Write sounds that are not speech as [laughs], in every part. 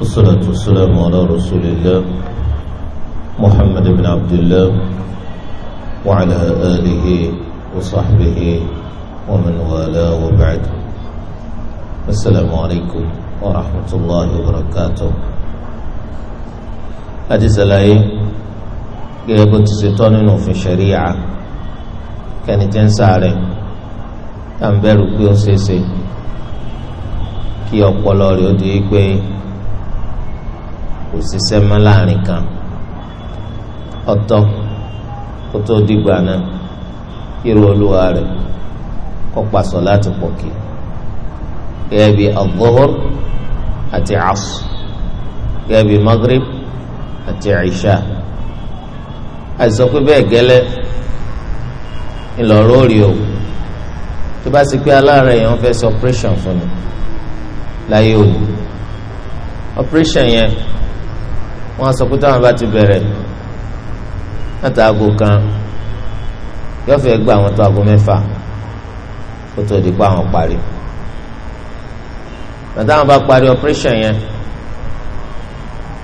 والصلاة والسلام على رسول الله محمد بن عبد الله وعلى آله وصحبه ومن والاه وبعد السلام عليكم ورحمة الله وبركاته àti sàlàyé gẹ́gẹ́ bó ti ṣe tọ́ nínú òfin ṣẹ̀ríyà kẹ́ni tí ń sáré tá kò ṣiṣẹ́ mọ́ láàrin kan ọ̀tọ̀ kó tó dìgbà náà irú olúwa rẹ̀ kó pasọ láti pọ̀ kí gẹ́gẹ́ bí agbóhor àti asu gẹ́gẹ́ bí magrib àti aisha àìsàn pé bẹ́ẹ̀ gẹ́lẹ́ ńlọrọ́ rí o tó bá sì pé aláàárẹ̀ yẹn wọ́n fẹ́ ṣe operation fún mi láyé òní operation yẹn wọ́n sọ pé táwọn bá ti bẹ̀rẹ̀ láti aago kan yóò fẹ́ gba àwọn tó aago mẹ́fà kó tó di pa àwọn parí bàtà àwọn bá parí operation yẹn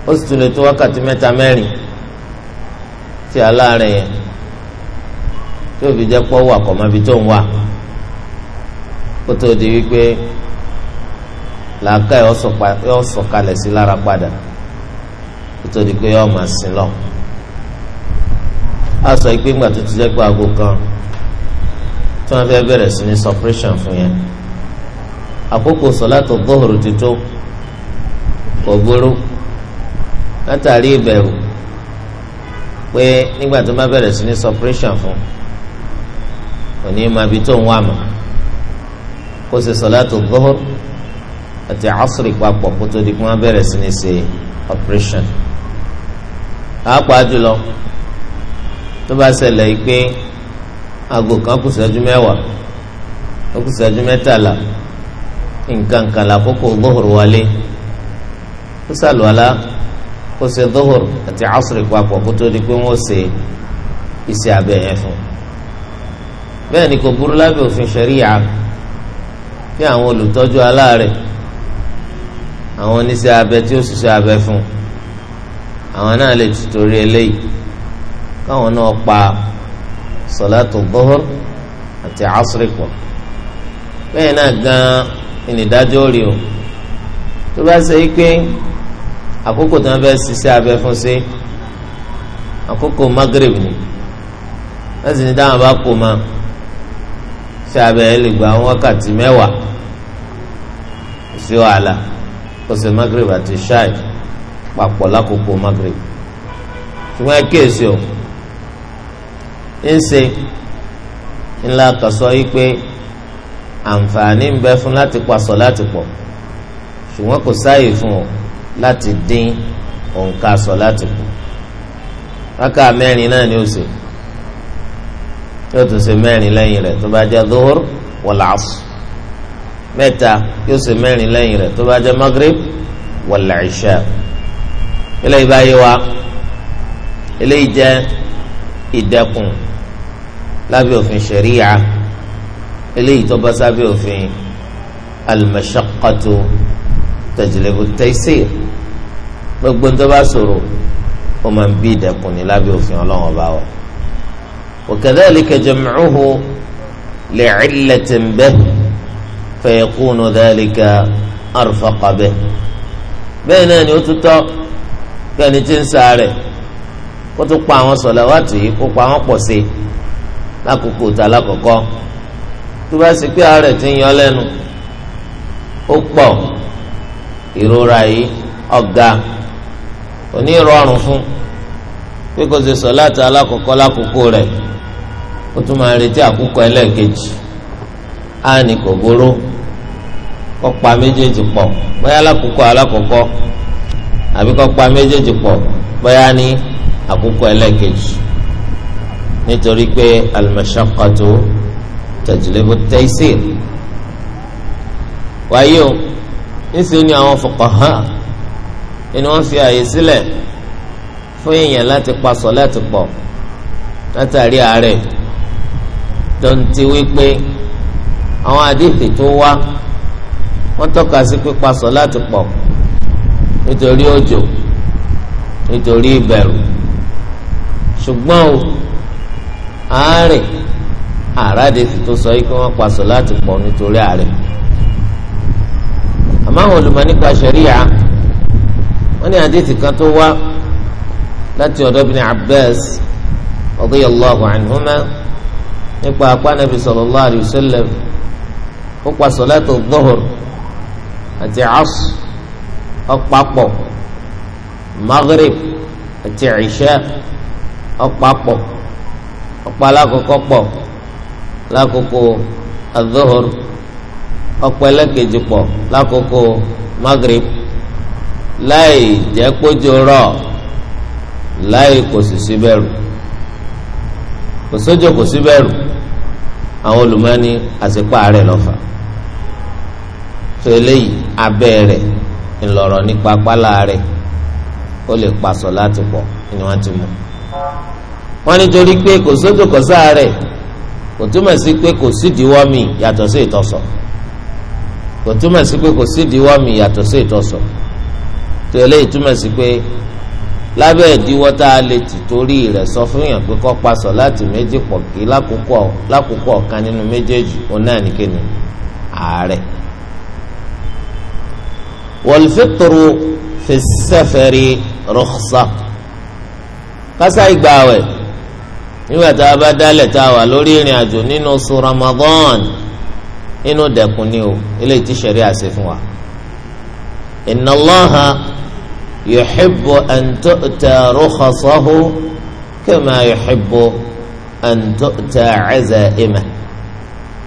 ó sì tún lè tó wákàtí mẹ́ta mẹ́rin tí aláàárẹ̀ yẹn tí fi jẹ́ pọ́ wà kọ́ tó ń wà kó tó di wípé làákà yọ sí lára padà. So nítorí pé yọọ máa sin lọ a sọ pé ńgbà tó ti jẹ́ pé aago kan tí wọ́n fẹ́ bẹ̀rẹ̀ sí ní suppression fún yẹn àkókò sọ̀látò gbóhùrù ti tó kò gbóró látàrí ìbẹ̀rù pé nígbà tó máa bẹ̀rẹ̀ sí ní suppression fún kò ní máa bi tó ń wà mọ́ kó ṣe sọ̀látò gbóhùrù àti asiri papọ̀ kó tó di pé wọ́n bẹ̀rẹ̀ sí ní ṣe operation pàápàá jùlọ tó bá ṣẹlẹ̀ yìí pé aago kan kù ṣẹ́jú mẹ́wàá ó kù ṣẹ́jú mẹ́tàlá nǹkan kan lákòókò dóhùr wọlé ó ṣàlùwàlá kó ṣe dóhùr àti asùrì papọ̀ kó tó di pé wọ́n ṣe iṣẹ́ abẹ yẹn fún bẹ́ẹ̀ ni kò burú lábẹ́ òfin ṣẹ̀ríyà bí àwọn olùtọ́jú aláàárẹ̀ àwọn oníṣẹ́ abẹ tí ó ṣiṣẹ́ abẹ fún un àwọn náà lè ti eléyìí káwọn náà pa sọlátù bọ́hùr àti asri bẹ́ẹ̀ náà gan ìnìdájọ́ rí o tó bá ṣe é pé àkókò tí wọ́n fẹ́ ṣiṣẹ́ abẹ fún sí àkókò magreb ni wọ́n sì ní dáhùn bá kó ma ṣe abẹ lè gba wákàtí mẹ́wàá kò sí wàhálà kò papọ̀ lákòókò Maghrib ṣùgbọ́n ẹ kíyèsí o ńṣe ńlá kàṣọ yìí pé àǹfààní ń bẹ fún láti paṣọ láti pọ̀ ṣùgbọ́n kò sáàyè fún o láti dín òǹkà sọ láti kù rákà mẹ́rin náà ni ó ṣe yóò tún ṣe mẹ́rin lẹ́yìn rẹ̀ tó bá jẹ́ dhuhur wal asr mẹ́ta yóò ṣe mẹ́rin lẹ́yìn rẹ̀ tó bá jẹ́ maghrib wal eléyìí bá yé wa eléyìí jẹ́ ìdẹ́kùn lábẹ́ òfin ṣẹ̀ríyà eléyìí tó bá sábẹ́ òfin al-mashaqqatu tajlibu at-taysir gbogbo tó bá ṣòro ó máa ń bí ìdẹ́kùn ní lábẹ́ òfin ọlọ́wọ́n bá wa. وكذلك جمعه لعلة به فيكون ذلك أرفق به بين أن يتطأ kẹ́ni tí ń sàárẹ̀ kó tó pa àwọn sọ̀làwátì yìí kó pa àwọn pọ̀ sí i lákòókò tá lákòókò tó bá sì pé àárẹ̀ ti ń yan lẹ́nu ó pọ̀ ìrora yìí ọ̀gá òní rọrùn fún pé kó ṣe sọ̀láàtì alákọ̀ọ́kọ́ lákòókò rẹ̀ ó tún máa retí àkókò ẹlẹ́ẹ̀kejì á ní kò burú kó pa méjèèjì pọ̀ bóyá lákòókò alákọ̀ọ́kọ́ àbí kọ́ pa méjèèjì pọ̀ bóyá ní àkókò ẹlẹ́ẹ̀kejì nítorí pé al-mashaqqatu tajlibu at-taysir wáyé o níṣẹ́ ni àwọn fuqaha ni wọ́n fi àyè sílẹ̀ fún èèyàn láti pa sọ̀láàtì pọ̀ látàrí àárẹ̀ dọ̀ǹtí wípé àwọn àdìsí tó wá wọ́n tọ́ka sí pípa sọ̀láàtì pọ̀ nítorí òjò nítorí ìbẹ̀rù ṣùgbọ́n o àárẹ̀ àràdé sì tó sọ yìí kí wọ́n paṣọ láti pọ̀ nítorí àárẹ̀ àmọ́ àwọn olùmọ̀ nípa ṣẹ̀ríyà wọ́n ní àdéhìí kan tó wá láti ọ̀dọ̀ Ibn Abbas radiyallahu anhuma nípa apá nàbì sallallahu alayhi ó paṣọ láti dhuhr àti asr ọ̀pápọ̀ maghrib àti ìṣá ọ̀pápọ̀ ọ̀pá alákọ̀ọ́kọ́ pọ̀ lákòókò adóhùr ọ̀pá ẹlẹ́kejì pọ̀ lákòókò maghrib láì jẹ́ kójú rọ̀ láì kò sì síbẹ̀rù kò sójò kò síbẹ̀rù àwọn olùmọ́ni àsìkò àárẹ̀ lọ́fà tó eléyìí abẹ́ rẹ̀ ńlọrọ nípa pálá rẹ̀ ó lè pasọ̀ láti pọ̀ ni wọ́n ti mú. wọ́n nítorí pé kò sódò kò sáàrẹ̀ kò túmọ̀ sí pé kò sídìíwọ́ mi yàtọ̀ sí ìtọ̀sọ̀ kò túmọ̀ sí pé kò sídìíwọ́ mi yàtọ̀ sí ìtọ̀sọ̀ tó eléyìí túmọ̀ sí pé lábẹ́ ìdíwọ́ tá a lè tì torí rẹ̀ sọ fún yàn pé kọ́ pasọ̀ láti méjì pọ̀ kí lákòókò ọ̀kan nínú méjèèjì òun náà nìkéni àárẹ̀ wọlfitru fi sẹfẹri rọksa kásá ìgbà wẹ̀ nígbà tá a bá dálẹ̀ tá a wà lórí ìrìn àjò nínú oṣù ramadan inú dẹ̀kun ni o eléyìí tí sẹ̀rí àṣẹ fún wa. inna Allaha yuhibbu an tu'ta rukhsahu kama yuhibbu an tu'ta azaimah.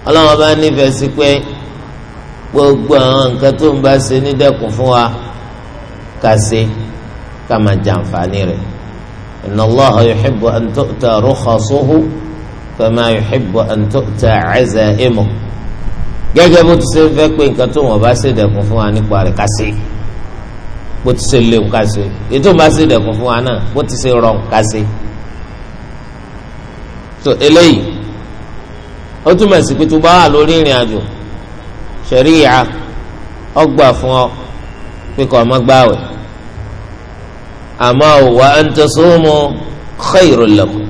ọlọ́wọ́n bá nífẹ̀ẹ́ sí pé gbogbo àwọn nǹkan tó ń bá ṣe ní dẹ́kun fún wa ká ṣe ká máa jàǹfààní rẹ̀ inna Allaha yuhibbu an tu'ta rukhasuhu fama yuhibbu an tu'ta azaimuh gẹ́gẹ́ bó ti ṣe ń fẹ́ pé nǹkan tó wọ́n bá ṣe dẹ́kun fún wa nípa rẹ̀ ká ṣe bó ti ṣe léwu ká ṣe ètò bá ṣe dẹ́kun fún wa náà bó ti ṣe rọrùn ká ṣe. so eléyìí ó túmọ̀ sí pé tó bá wà lórí ìrìn àjò ṣẹ̀ríyà ọgbà fún ọ pé kọ́ ọmọ gbààwẹ̀ àmọ́ wa an tasumu khairul lakum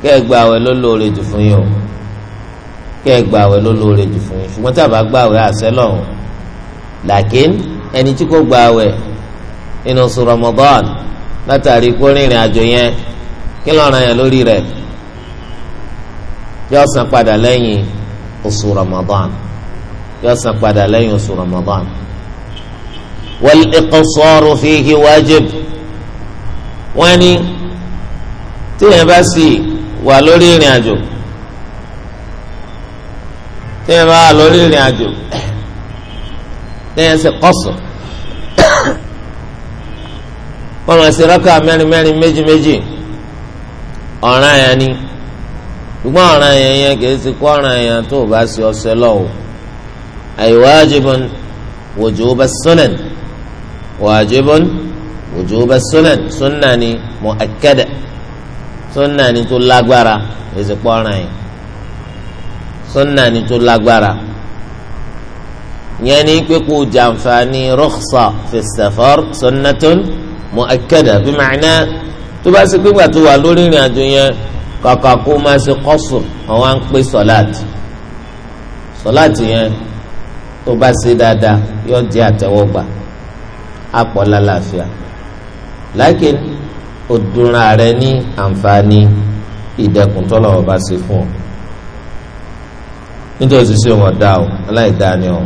kẹ́ ẹ gbààwẹ̀ ló lóore jù fún yín o kẹ́ ẹ gbààwẹ̀ ló lóore jù fún yín ṣùgbọ́n tá a bá gbààwẹ̀ àṣẹ lọ́hùn làkín ẹni tí kò gbààwẹ̀ nínú oṣù Ramadan látàrí kó rìnrìn àjò yẹn kí lọ́ràn yẹn lórí rẹ̀ yọ san padà lẹ́yìn oṣù Ramadan yọ san padà lẹ́yìn oṣù Ramadan wal iqsaru fihi wajib wọ́n ní téèyàn bá sì wà lórí ìrìn àjò téèyàn bá wà lórí ìrìn àjò téèyàn sì kọ́sọ̀ wọ́n máa ṣe rákà mẹ́rin mẹ́rin méjì méjì ọ̀ràn yẹn ni ṣùgbọ́n ọ̀ràn yẹn yẹn kì í ṣe kó ọ̀ràn yẹn tó o bá ṣe ọ̀sẹ̀ lọ́wọ́ أي واجب وجوب السنن واجب وجوب السنن سنة مؤكدة سنة تلاقبرة إذا قرنا سنة تلاقبرة يعني كيكو جانفاني رخصة في السفر سنة مؤكدة بمعنى تباسي كيكو توالولين يا دنيا kàkà kó máa ṣe kọ́sùn àwọn à ń pè sọ́láàtì sọ́láàtì yẹn tó bá ṣe dáadáa yóò jẹ́ àtẹ́wọ́gbà àpọ̀ lálàáfíà lákìn òdùnrà rẹ ní àǹfààní ìdẹ̀kùn tọ́lọ́wọ́ bá ṣe fún ọ nítorí òṣìṣẹ́ wọn dá o aláìdáa ni ọ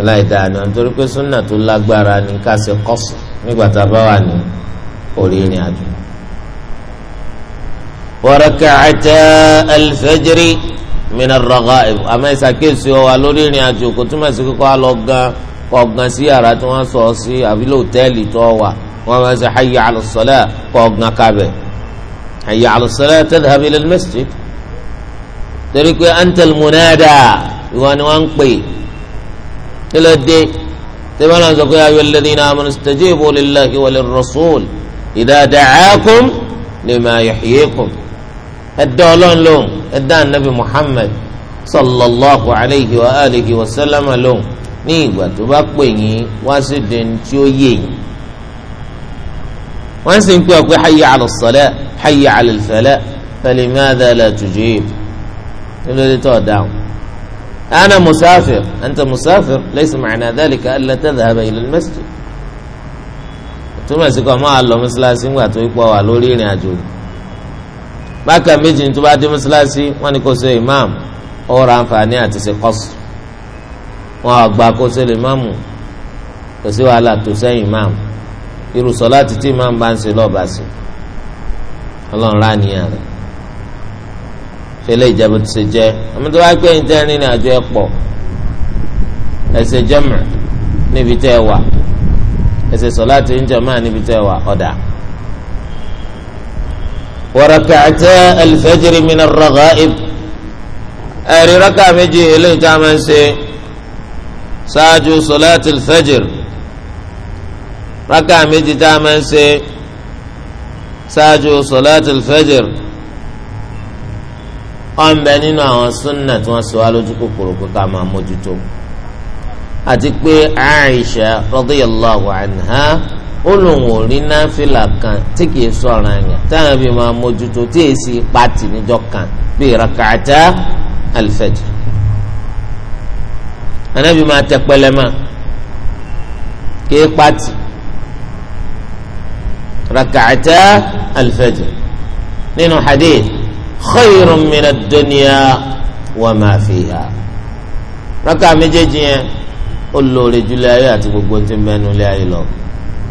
aláìdáa ni ọ nítorí pé súnà tó lágbára ní ká ṣe nígbà tá a bá wà ní orí ìrìn àjò. wa rak'ata al-fajri. mina raghaib àmọ́ ìsàkíyèsí ọ wa lórí ìrìn àjò kò tuma sí kíkọ́ á lọ gan kọ́ gan sí yàrá tí wọ́n sọ sí àbí lóòtẹ́ẹ̀lì tó wà wọ́n máa ń sọ hayya ala salat kọ́ gan kábẹ̀ hayya ala salat tadhhab ila al-masjid torí pé antal munada ìwọ ni wọ́n ń pè nílẹ̀ dé tẹ́lẹ̀ náà sọ kó ya ayyuhal ladhina amanu istajibu lillahi wa lirrasul idha da'akum lima yuhyikum ẹ̀dọ́ ọlọ́run lóhùn ادان نبي محمد صلى الله عليه واله وسلم لو ني غوا تو با بيني واسدين تيو يي وان حي على الصلاه حي على الفلاة فلماذا لا تجيب الذي تو انا مسافر انت مسافر ليس معنى ذلك الا تذهب الى المسجد تو ما الله مسلاسين غوا تو يبقى لوري رين bákan méjì tó bá dé mọ́ṣáláṣí wọ́n ní kó ṣe imam ọ̀rọ̀ àǹfààní àti ṣe kọ́sù wọn àgbà kó ṣe lè máàmù kò sí wàhálà tó sẹ́yìn imam irú sọ̀láàtì tí imam bá ń ṣe lọ́ọ̀bà sí ọlọ́run rà níyàn rẹ̀ fẹlẹ́ ìjẹ́bù ti ṣe jẹ́ àmì tó bá pé ẹ̀yin tẹ́ rìnrìn àjò ẹ̀ pọ̀ ẹ̀sẹ̀ jẹ́mọ̀ níbi tẹ́ wà ẹ̀sẹ̀ sọ̀láàtì ń jẹ́ níbi tẹ́ wà ọ̀dà warakata alfajiri mina ragaib ẹ̀rí raka méjì eléyìí tá a máa ń ṣe ṣáájú sọláàtì alfajiri raka méjì tá a máa ń ṣe ṣáájú sọláàtì alfajiri ọ̀nbẹ nínú àwọn súnà tí wọ́n ṣe wá lójú kòkòrò pé ká máa mójútó àti pé Aisha radiyallahu anha ó lòun ò rí náfìlà kan tí kìí sọ̀ràn àyàn táwọn bí máa mójútó tí èsì pàtì níjọ́ kan bíi rakata alifajr anabi máa tẹ pẹlẹmà kìí pàtì rakata alifajr nínú hadith khayrun min ad-dunya wa ma fiha raka méjèèjì yẹn ó lóore jùlọ ayé àti gbogbo tí mẹnu lé ayé lọ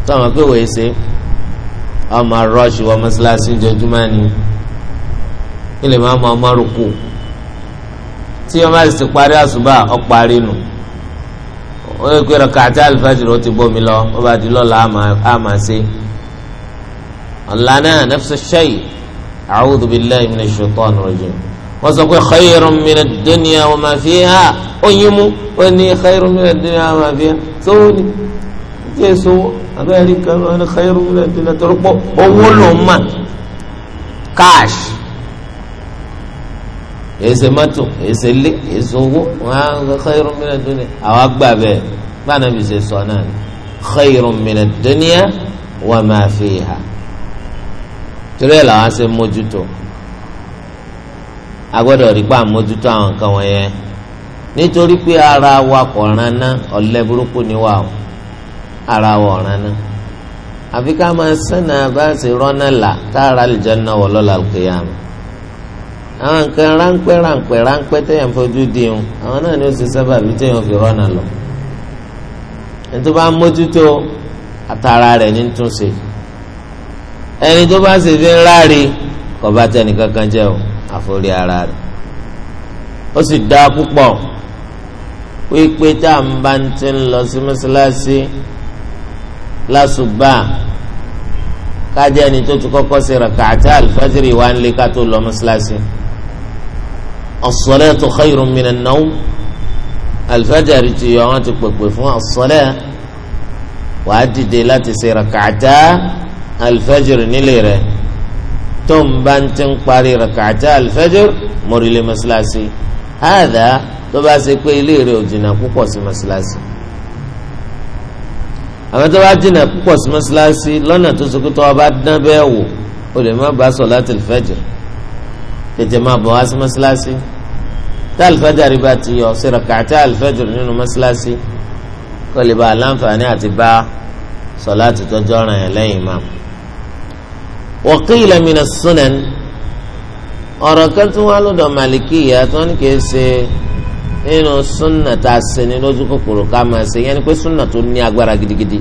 tọmọ pé wòye ṣe ọmọ rọọṣì wọ mọ́ṣáláṣí ojoojúmọ́ ni ilẹ̀ máa mọ ọmọ rúkú tí ọmọ àti ti parí àṣùbà ọparí nù ó yẹ kó rọkàtà àlùfáàjì rẹ ó ti bómi lọ ó bá di lọ́la àmà ṣe ọ̀la náà nafsu shay a'udhu billahi minash shaitani rajim wọ́n sọ pé khayrun minad dunya wa ma fiha oyin mu ó ní khayrun minad dunya wa ma fiha sówó ni kí èso abẹ́rẹ́ kan ní xeyiru lẹ́tọ́lẹ́ tó rọ́pò owó ló ń mà cash èsè mọ́tò èsè lé èsè owó wọn á xeyiru lẹ́tọ́lẹ́ àwọn agbá bẹ́ẹ̀ bá nàbì ṣe sọ náà ni xeyiru lẹ́tọ́lẹ́ máa fi hà torí ẹ̀ làwọn ṣe mójútó a rí pa mójútó àwọn nǹkan wọ̀nyẹn nítorí pé ara wa kò rànná ọ̀lẹ́ burúkú ni wà o ara wọ̀ ọ̀ràn náà àfi ká máa sẹ́nà bá a sì rọ́nà là táàrà àlùjánnà wọ̀ lọ́la àlùkìyàmù àwọn nǹkan ráńpẹ́ ráńpẹ́ ráńpẹ́ téèyàn fojú di òun àwọn náà ni ó sì sábà bí téèyàn fi rọ́nà lọ ẹni tó bá mójútó àtàrà rẹ̀ ní túnṣe ẹni tó bá sì fi ń ráre kò bá tẹnì kankan jẹ́ o àforí ara rẹ̀ ó sì dáa púpọ̀ wípé tá à ń bá ti lọ sí mọ́ṣáláṣí lásùbà kájẹ́ ẹni tó ti kọ́kọ́ ṣe rakàtà alifájìrì wa ń lé ká tó lọ mọ́ṣáláṣí as-salatu khayrun minan nawm alifájìrì ti yọ wọn ti pèpè fún as-salat wàá dìde láti ṣe rakàtà alifájìrì nílé rẹ̀ tó ń bá ń ti ń parí rakàtà alifájìrì mọ́rílẹ̀ mọ́ṣáláṣí hàdà tó bá ṣe pé ilé rẹ̀ ò jìnnà púpọ̀ sí mọ́ṣáláṣí àwọn tó bá jìnnà púpọ̀ sí mọ́ṣáláṣí lọ́nà tó so kótó ọba dán bẹ́ẹ̀ wò ó lè má bá solatul fajr tètè máa bọ̀ wá sí mọ́ṣáláṣí tá alifajari bá ti yọ ṣe rak'ata alifajr nínú mọ́ṣáláṣí kó lè bá aláǹfààní àti bá sọláàtì tọ́jú ọ̀ràn yẹn lẹ́yìn imam. wa qila mina sunan ọ̀rọ̀ kan tún wá lọ́dọ̀ màlìkì yìí àti wọn kì ṣe nínú súnà tá a ṣe ní lójú kòkòrò ká máa ṣe yẹn ni pé súnà tó ní agbára gidigidi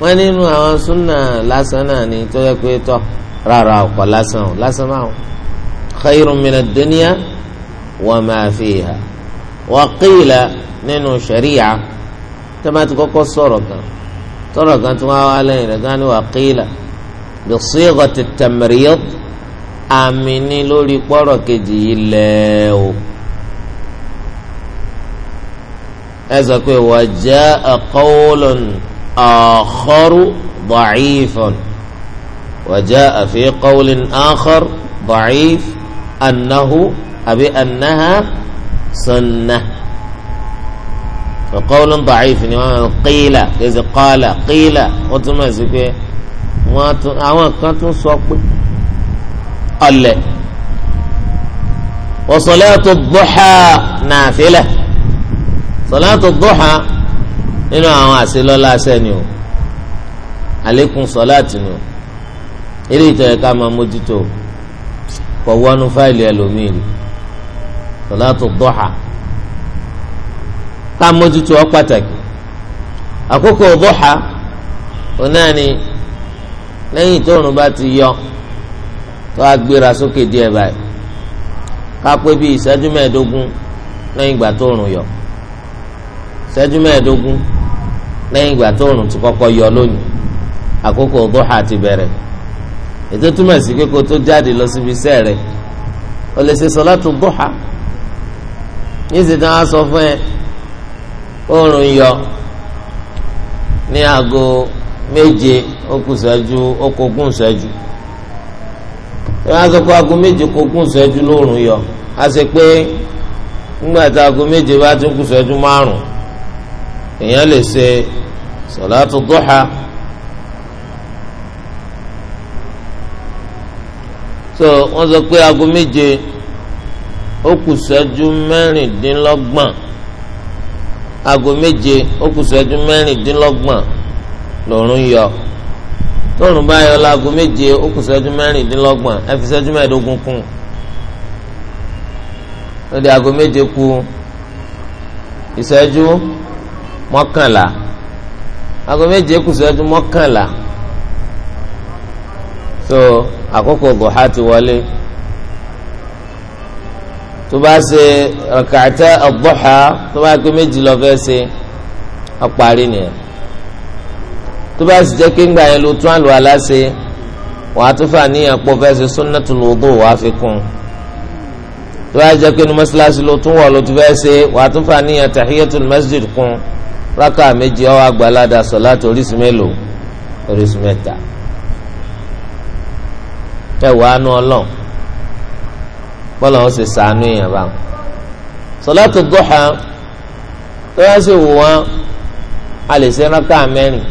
wọn nínú àwọn súnà lásán náà ni tó yẹ pé tọ rárá ọkọ lásán o lásán máa o khayrun mina dunya wa ma fiha wa qila nínú sẹríya tẹmátì kọ́kọ́ sọ̀rọ̀ kan sọ̀rọ̀ kan tí wọn wá lẹ́yìn rẹ̀ gani wa qila bi sighati at-tamrid àmì ní lórí pọrọ kejì yìí lẹ o. ẹ sọ pé wàjà qawlun akharu da'ifun wàjà fi qawlin akhar da'if annahu àbí annaha sunnah qawlun da'if ni wọn qila kẹsì qala qila wọn tún mọ̀ sí pé wọn àwọn kan tún sọ pé ọlẹ wa salatu duha nafila sọláàtù dọ́ha nínú àwọn àṣelọ́lá sẹ́ni o àlékún sọláàtì ni o eré ìtọ́ ẹ̀ka máa mójútó kọ̀ wọnú fáìlì ẹlòmíì ni sọláàtù dọ́ha ká mójútó ọ pàtàkì àkókò dọ́ha òun náà ni lẹ́yìn tóòrùn bá ti yọ tó a gbéra sókè díẹ̀ báyìí ká pé bíi ìṣẹ́jú mẹ́ẹ̀ẹ́dógún lẹ́yìn ìgbà tóòrùn yọ. ìṣẹ́jú mẹ́ẹ̀ẹ́dógún lẹ́yìn ìgbà tó òrùn ti kọ́kọ́ yọ lónìí àkókò dúhà ti bẹ̀rẹ̀ ètò túmọ̀ sí pé tó jáde lọ síbi iṣẹ́ rẹ̀ o lè ṣe sọ̀látù dúhà ní ìsìtàn á sọ fún ẹ yọ ní méje sọ pé aago méje lóòrùn yọ a pé nígbà tí èèyàn lè ṣe sọ̀látù dọ́ha so wọ́n sọ pé aago méje ó kù ṣẹ́jú mẹ́rìndínlọ́gbọ̀n aago méje ó kù ṣẹ́jú mẹ́rìndínlọ́gbọ̀n lòrùn yọ tóòrùn bá yọ láago méje ó kù ṣẹ́jú mẹ́rìndínlọ́gbọ̀n ẹ fi ṣẹ́jú mẹ́ẹ̀ẹ́dógún kún ó aago méje kù ìṣẹ́jú mọ́kànlá aago méje kù sọ́jú mọ́kànlá so àkókò duha ti wọlé tó bá ṣe rak'ata ad-duha tó bá pé méjì lọ fẹ́ ṣe ọparí nìyẹn tó bá sì jẹ́ kéńgbà yẹn ló tún àlọ́ aláṣẹ wàá tún fà níyàn pọ̀ fẹ́ ṣe sunnatul wudu wàá fi kún un tó bá jẹ́ pé ní ló tún wọ̀ ló tún fẹ́ ṣe wàá tún fà níyàn tahiyatul masjid kún rákà méjì ó wá gba ládàá sọ̀láàtì orísun mélòó orísun mẹ́ta ẹwà ánú ọlọ́ bọ́lá wọn sì sànú èèyàn bá wọn sọ̀láàtì dúhà tó bá sì wù wọn a lè ṣe rákà mẹ́rin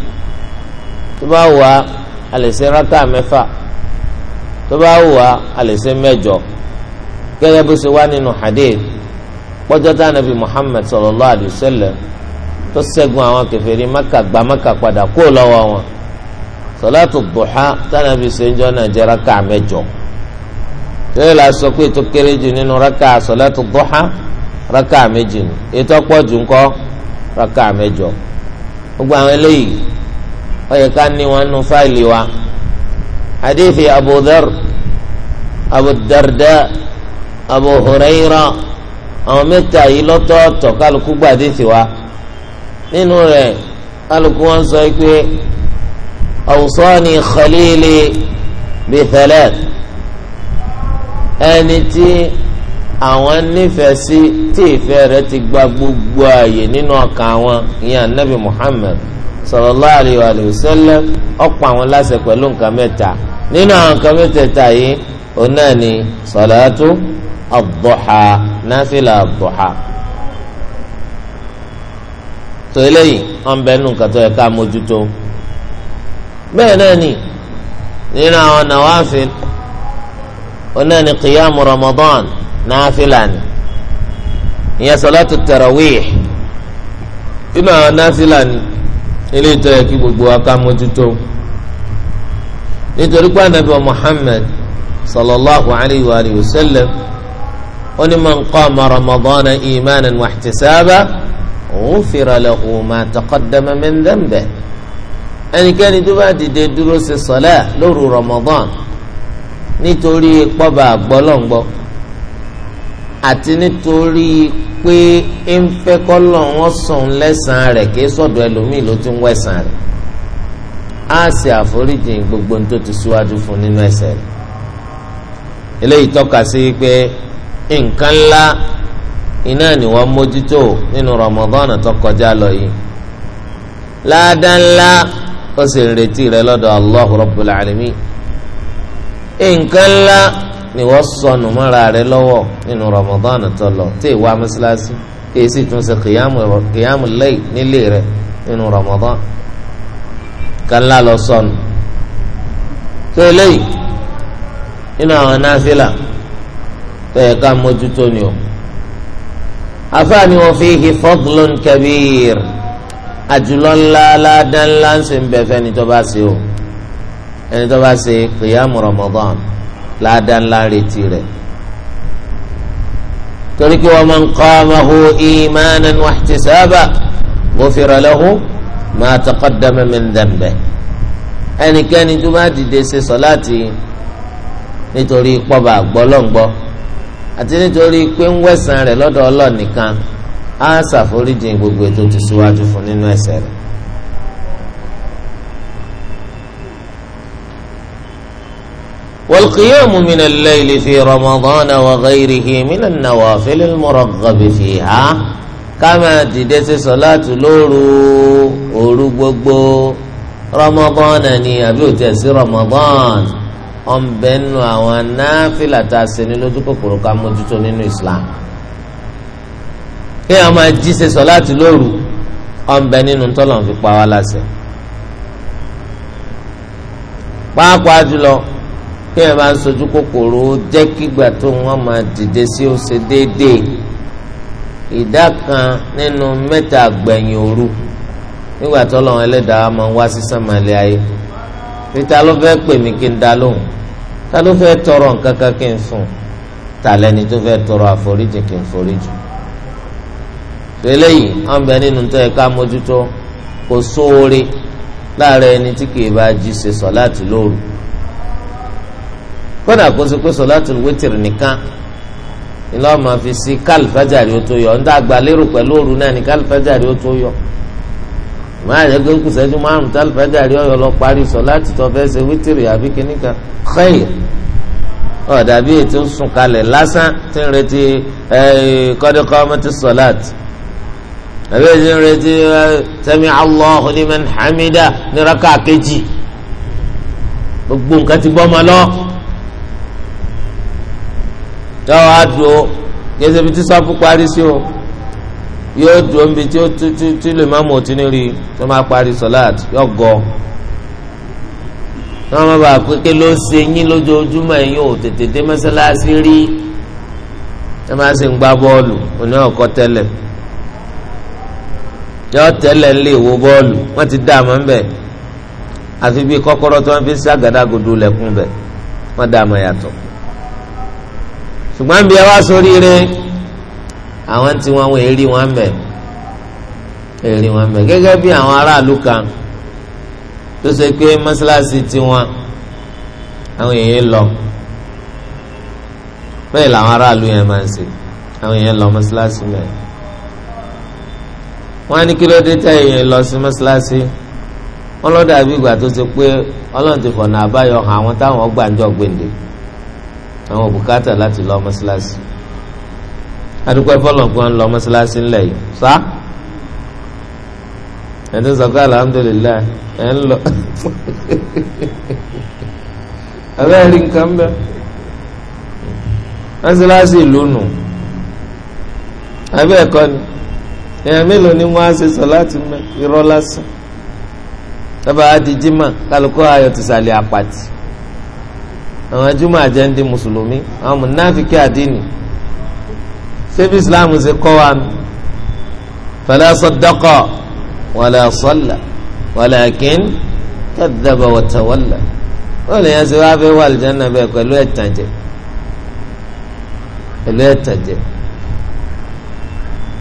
tó bá wù wá a lè ṣe rákà mẹ́fà tó bá wù wá a lè ṣe mẹ́jọ gẹ́gẹ́ bó ṣe wá nínú hadith pọ́jọ́tà nàbì Muhammad sallallahu alayhi wa sallam tó ṣẹ́gun àwọn kèfèrí maka gba maka padà kó lọ́wọ́ wọn sọláàtù duha tánàbí sẹ́njọ́ náà jẹ́ raka mẹ́jọ tẹ́lẹ̀ la sọ pé tó kéré jù nínú raka sọláàtù duha raka méjì ni ètò pọ̀ jù ńkọ́ raka mẹ́jọ gbogbo àwọn eléyìí ó ká ní wọn nu fáìlì wa hadithi abu dhar abu àwọn mẹ́ta yìí lọ́tọ̀ọ̀tọ̀ kálukú gbàdé tiwa nínú rẹ̀ kálukú wọn sọ pé awsani khalili bi thalath ẹni tí àwọn nífẹ̀ẹ́ sí tí ìfẹ́ rẹ̀ ti gba gbogbo ààyè nínú ọkàn wọn ìyẹn anabi Muhammad sallallahu alayhi wa sallam ọ̀pọ̀ àwọn láṣẹ pẹ̀lú nǹkan mẹ́ta nínú àwọn nǹkan mẹ́tẹ̀ẹ̀ta yìí òun ni salatu ad náfìlà ad tó eléyìí wọn bẹ nù kàtó yẹ ká mójútó bẹ́ẹ̀ náà ni nínú àwọn nàwáfil onáà ni kìyàmù Ramadan náfìlàní ìyẹn sọlátù tarawih inú àwọn náfìlàní ilé ìtọ́ yẹ kí gbogbo wa ká mójútó nítorí pé anabi Muhammad sallallahu alayhi wa sallam ó ní man Ramadan imanan wahtisaban ghufira lahu ma taqaddama min dhanbihi ẹnikẹ́ni tó bá dìde dúró ṣe sọ́lá lóru Ramadan nítorí pọ́ba àgbọ́lọ́ngbọ́ àti nítorí pé ń fẹ́ kọ́lọ̀ wọn sùn lẹ́sàn-án rẹ̀ kí sọ̀dọ̀ ẹlòmíì ló ti ń wẹ̀sàn rẹ̀ á ṣe àforíjì gbogbo tó ti síwájú fún nínú ẹ̀ṣẹ̀ rẹ̀ eléyìí tọ́ka sí pé nǹkan ńlá iná ni wọ́n mójútó nínú Ramadan tó kọjá lọ yìí ládàá ńlá ó sì ń retí rẹ lọ́dọ̀ Allah Rabbul Alamin nǹkan ńlá ni wọ́n sọnù mọ́ra rẹ lọ́wọ́ nínú Ramadan tó lọ tí ìwà mọ́sálásí kìí sì tún ṣe kìyàmù lẹ́yìn nílé rẹ nínú Ramadan kan lọ sọnù tó eléyìí nínú àwọn náfìlà tó yẹ ká mójútó ni o afaani wọn fi hi fadlun kabir àjùlọ ńlá aládán ńlá ń sè ń bẹ fẹ ẹni tó bá ṣe o ẹni tó bá ṣe kìyàmù ramadan ládán ńlá retí rẹ torí kí wọn máa ń kọ́ ọmọhu ìmánan wàhtisábà ghufira lahu ma taqaddama min dhanbi ẹnikẹ́ni tó bá dìde ṣe sọ́láàtì nítorí pọ́ba gbọ́lọ́ngbọ́ àti nítorí pé ń wẹ̀sán rẹ̀ lọ́dọ̀ Ọlọ́run nìkan á ṣàforíjìn gbogbo ètò ti síwájú fún nínú ẹ̀ṣẹ̀ rẹ̀. والقيام من الليل في رمضان وغيره من النوافل المرغب فيها kama dìde sí sọláàtù lóru òru gbogbo Ramadan ni àbí òtí ẹ̀sìn Ramadan ọ̀nbẹ nù àwọn náfìlà tá a ṣe ní lójú kòkòrò ká mójútó nínú Islam kí àwọn máa jí ṣe sọ̀láàtì lóru ọ̀nbẹ nínú tọ́lọ̀ fi pa wá láṣẹ. pàápàá jùlọ kí ẹ máa ń sojú kòkòrò jẹ́ kígbà tó wọ́n máa dìde sí ó ṣe déédéé ìdá kan nínú mẹ́ta gbẹ̀yìn òru nígbà tọ́lọ̀ ẹlẹ́dàá máa ń wá sí sánmàlẹ́ ayé níta ló fẹ́ pè mí kí n dá lóhùn ta ló fẹ́ tọrọ nǹkan kan kí n fún ta lẹni tó fẹ́ tọrọ àforíjì kí n foríjì eléyìí wọn bẹ nínú tó yẹ ká mójútó kò sóore láàárọ̀ ẹni tí kì í bá jí ṣe sọ̀láàtì lóru kódà kó sọ pé sọ̀láàtì wítìrì nìkan ni lọ́ọ́ máa fi sí kálífájàrí ó tó yọ ń dá àgbà pẹ̀lú òru náà ni kálífájàrí ó tó yọ máa yẹ kó kù sẹ́jú márùn tá alùpàdé àrí ọ̀yọ́ lọ parí sọ láti tọ́ fẹ́ ṣe wítìrì àbí kíníkà xẹ́yì ọ̀dà bíi ètò sùn kalẹ̀ lásán tí ń retí kọ́dékọ́mọ́tì sọ̀láàt àbí ètò ń retí sami allahu liman hamida ní kejì gbogbo nǹkan ti bọ́ lọ tọ́wọ́ á dùn ó kí ẹsẹ̀ bíi tí sọ́ọ̀fù parí sí o yóò dúró níbi tí ó tí tí tí lè má mọ̀ tí ní rí tó máa parí sọ́láàt yóò gọ́ náà má bàa pé ló ṣe yín lójoojúmọ́ ẹ̀yin ò tètè dé mọ́sálásí rí ẹ má ṣe ń gbá bọ́ọ̀lù òní ọ̀kọ́ tẹ́lẹ̀ yóò tẹ́lẹ̀ ń lè wo bọ́ọ̀lù wọ́n ti dá àmọ́ ńbẹ̀ àfi bíi kọ́kọ́rọ́ tí wọ́n fi ń ṣe àgádágodo lẹ́kùn bẹ̀ wọ́n dá yàtọ̀ ṣùgbọ́n bí ẹ wá sórí rẹ̀ àwọn ti wọ́n wọ́n èrí wọn mẹ́ èrí wọn mẹ́ gẹ́gẹ́ bí àwọn aráàlú kan tó ṣe pé mọ́ṣáláṣí tiwọn àwọn èèyàn lọ bẹ́ẹ̀ làwọn aráàlú yẹn máa ń ṣe àwọn èèyàn lọ mọ́ṣáláṣí mẹ́ẹ̀ wọ́n á ní kí ló dé tẹ́ èèyàn lọ sí mọ́ṣáláṣí wọ́n lọ́ dàbí ìgbà tó ṣe pé ọlọ́run ti fọ̀nà àbáyọ àwọn táwọn gbèǹde àwọn òbúkátà lọ mọ́ṣáláṣí. adúgbò ẹfọlọ́nkọ́ ń lọ mọ́ṣáláṣí ńlẹ̀ yìí sá ẹ̀ tó sọ pé alhamdulilayi ẹ̀ ń lọ [laughs] abẹ́rẹ́ rí nǹkan bẹ́ẹ̀ mọ́ṣáláṣí ìlú nù abẹ́ ẹ̀kọ́ ni èèyàn mélòó ni wọ́n á ṣe sọ láti mẹ́ irọ́ lásán dábàá á di jimá kálukọ́ ayọ̀ ti sàlẹ̀ àpàtì àwọn jimá àjẹ́ ń mùsùlùmí àwọn mùnáfíkì àdínì ṣebí islam ṣe kọ́ wa mi fala saddaqa wala salla walakin kadhaba wa tawalla wọ́n lè yẹn ṣe wá fẹ́ wà àlùjáná bẹ́ẹ̀ pẹ̀lú ẹ̀tànjẹ pẹ̀lú ẹ̀tànjẹ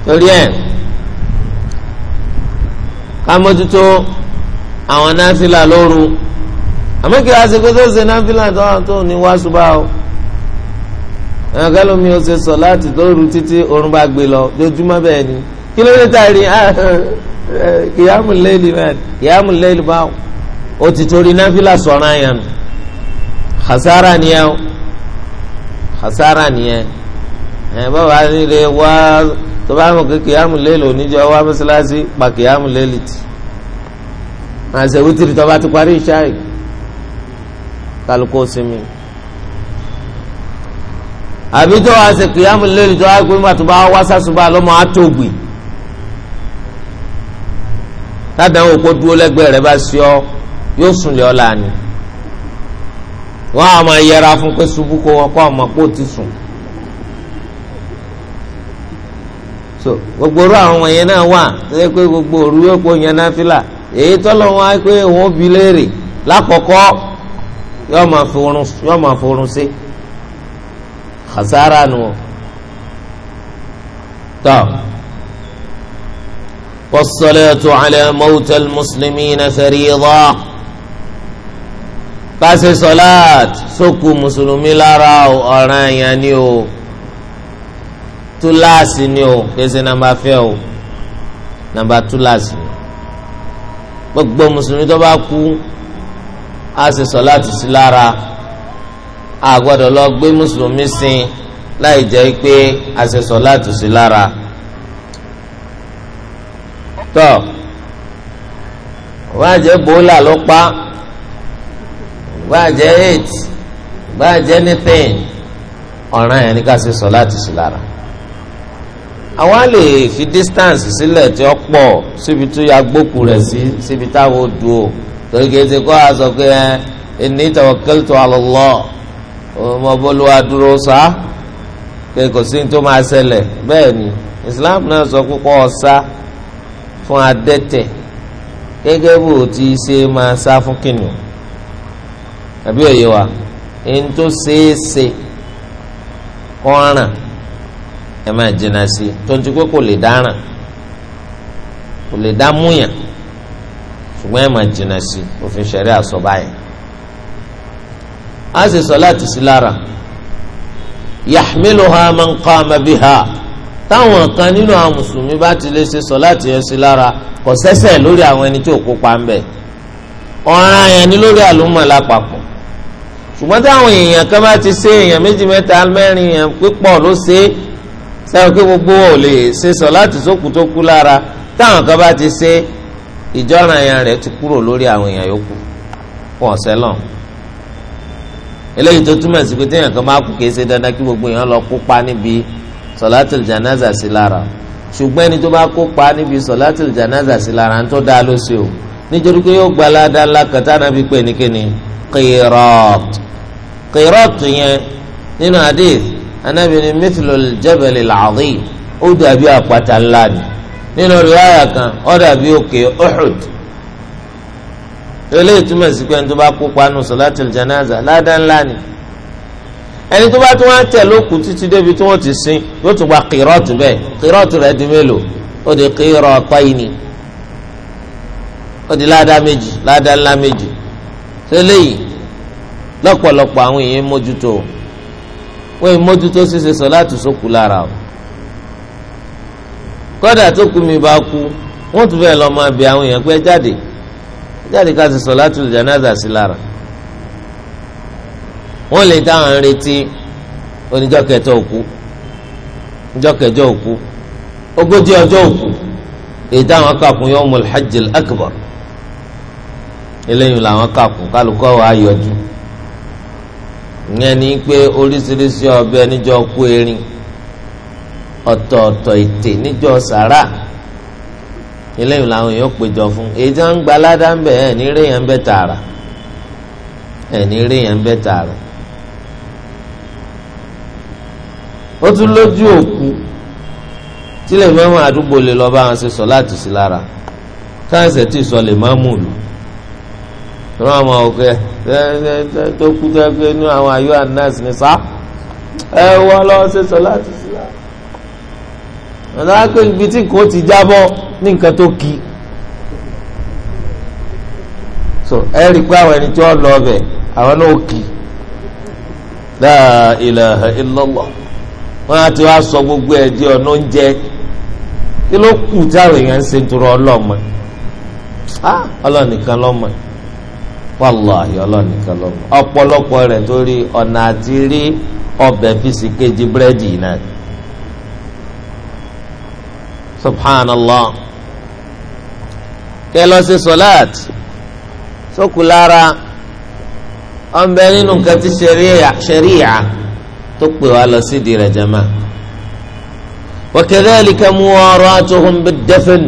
torí ẹ̀ ká mójútó àwọn náfìlà lóru àmọ́ kí wàá ṣe pé tó ṣe náfìlà tó ní wàásù báwo àwọn akẹ́lómi ó ṣe sọ láti dóoru títí oorun bá gbé lọ lójúmọ́ bẹ́ẹ̀ ni kí ló dé tàrí kìyàmù ah, lẹ́lì mẹ́rin kìyàmù lẹ́lì báwò ó ti torí náfìlà sọ̀rọ̀ àyàn hasara nìyẹn o hasara nìyẹn ẹ báwa nílé wá tó bá mọ̀ pé kìyàmù lẹ́lì oníjọ wá mọ́sálásí pa kìyàmù lẹ́lì tì àṣẹ wítìrì tó bá ti parí ìṣáì kálukó sinmi àbí tó wàá ṣe kìyàmù lórí tó wàá gbé nígbà tó bá wá sásùbà lọ́mọ àtògbè tádàn òpó dúró lẹ́gbẹ̀ẹ́ rẹ bá sí ọ yóò sùn lé ọ lánìí wọn a máa yẹra fún pé ṣubú kó wọn kó a máa kó ti sùn so gbogbo òru àwọn wọ̀nyẹn náà wà tó yẹ pé gbogbo òru yóò kó yẹn náà fìlà èyí tọ́lọ̀ wọn pé òun bi léèrè lákọ̀ọ́kọ́ yóò máa forun sí àsárà nù o tọ́ wassalatu ala mawtal muslimina fariida kásì sọláàt sókù mùsùlùmí lára ọ̀ràn èèyàn ni o túláàsì ni o kèsì nàmbà fẹ́ o nàmbà túláàsì ni gbogbo mùsùlùmí tó bá kú á sì sọláàt sí a gbọ́dọ̀ lọ gbé mùsùlùmí sin láì jẹ́ pé a ṣe sọ̀láàtù sí lára. tọ́ wàá jẹ́ bólà ló pa wàá jẹ́ eight wàá jẹ́ anything ọ̀ràn yẹn ni ká ṣe sọ̀láàtù sí lára àwọn á lè fi distance sílẹ̀ tí ó pọ̀ síbi tó ya gbókù rẹ̀ sí síbi táwọn ò dúró torí kìí ṣe kó a sọ pé ẹ ní tawakkaltu ala Allah ọmọ bọ́lúwa dúró sá pé kò sí tó máa ṣẹlẹ̀ bẹ́ẹ̀ ni Islam náà sọ pé kọ́ ọ sá fún adẹ́tẹ̀ gẹ́gẹ́ bó ti ṣe máa sá fún kìnìún àbí òye wa ẹni tó ṣeé ṣe kọ́ràn ẹ máa jìnnà sí i tó ń ti pé kò lè dáràn kò lè dá múyàn ṣùgbọ́n ẹ máa jìnnà sí i òfin ṣẹ̀rí àsọ báyìí á ṣe sọláàtì sí lára yahmiluha man qama biha táwọn kan nínú àwọn mùsùlùmí bá ti lè ṣe sọláàtì yẹn sí lára kò sẹ́sẹ̀ lórí àwọn ẹni tí ò kópa ń bẹ̀ ọ̀ràn yẹn ni lórí àlùmọ̀ lápapọ̀ ṣùgbọ́n táwọn èèyàn kan bá ti ṣe èèyàn méjì mẹ́ta mẹ́rin yẹn pípọ̀ ló ṣe sẹ́wọ́n kí gbogbo ò lè ṣe sọláàtì sókù tó kú lára táwọn kan bá ti ṣe ìjọ́ràn yẹn rẹ̀ ti kúrò lórí àwọn èèyàn yòókù fún ọ̀sẹ̀ lọ́n eléyìí tó túmọ̀ sí pé téèyàn kan máa kú kìí ṣe dandan kí gbogbo èèyàn lọ kópa níbi sọ̀látìl jànáza sí lára ṣùgbọ́n ẹni tó bá kópa níbi sọ̀látìl jànáza sí lára ń tó dá ló ṣe o nítorí pé yóò gba aládá ńlá kẹta náà fi pè nìkéni qirot qirot yẹn nínú hadith anábìíní mithlul jabal al ó dàbí àpáta ńlá ni nínú riwaya kan ó dàbí òkè Uhud eléyìí túmọ̀ sí pé ẹni tó bá kópa nù sọ̀látìl jánásà ládàá ńlá ni ẹni tó bá tún wá tẹ̀ lókùn títí débi tí wọ́n ti sin yóò tún gba kírọ́ọ̀tù bẹ́ẹ̀ kírọ́ọ̀tù rẹ̀ di mélòó ó di kírọ́ọ̀tàyìnì ó di ládàá méjì ládàá ńlá méjì tó eléyìí lọ́pọ̀lọpọ̀ àwọn èèyàn mójútó wọ́n èèyàn mójútó ṣíṣe sọ̀látù sókù lára o kódà tó kú mi bá kú wọ́n tún fẹ́ lọ́ọ́ máa bẹ àwọn èèyàn pé jáde jáde ká ṣe sọ̀látùl jánásà sí lára wọ́n lè dáhùn retí oníjọ́ kẹjọ òkú níjọ́ kẹjọ òkú ogójì ọjọ́ òkú hajjil akbar eléyìí làwọn kàkún kálukọ́ wa yọjú ìyẹn ni pé oríṣiríṣi ọbẹ̀ níjọ́ kú erin ọ̀tọ̀ọ̀tọ̀ ètè níjọ́ sàrà eléyìí làwọn èèyàn péjọ fún èyí tí wọ́n ń gba aládá ń bẹ ẹ ní rí yẹn ń bẹ tààrà ẹ ní rí yẹn ń bẹ tààrà ó tún lójú òkú tílẹ̀ mẹ́wọ́n àdúgbò lè lọ́ọ́ bá wọn ṣe sọ láti sí lára káyọ̀sẹ̀ tí sọ lè má mú lù ràn àwọn òkè tó kú tó ẹgbẹ́ inú àwọn ayọ́ àná ni sá ẹ wọ́n lọ́ọ́ ṣe sọ láti sí ọ̀dọ́ pé ibi tí kò ti jábọ́ ní nǹkan tó kí so ẹ rí i pé àwọn ẹni tí wọ́n lọ ọbẹ̀ àwọn náà kì í la ilaha illallah wọn á ti wá sọ gbogbo ẹ̀ di ọ̀nà oúnjẹ kí ló kù tí àwọn èèyàn ń ṣe dúró ọlọ́mọ ah, ọlọ́run nìkan lọ́mọ wàláhì ọlọ́run nìkan lọ́mọ ọ̀pọ̀lọpọ̀ rẹ̀ torí ọ̀nà àti rí ọbẹ̀ fi sì kejì búrẹ́dì náà. سبحان الله lọ الصلاة sọláàt sókù أم بينهم nínú شريعة شريعة تقبل tó pè wá lọ sí ìdí rẹ̀ jama wa kadhalika muwaratuhum bid-dafn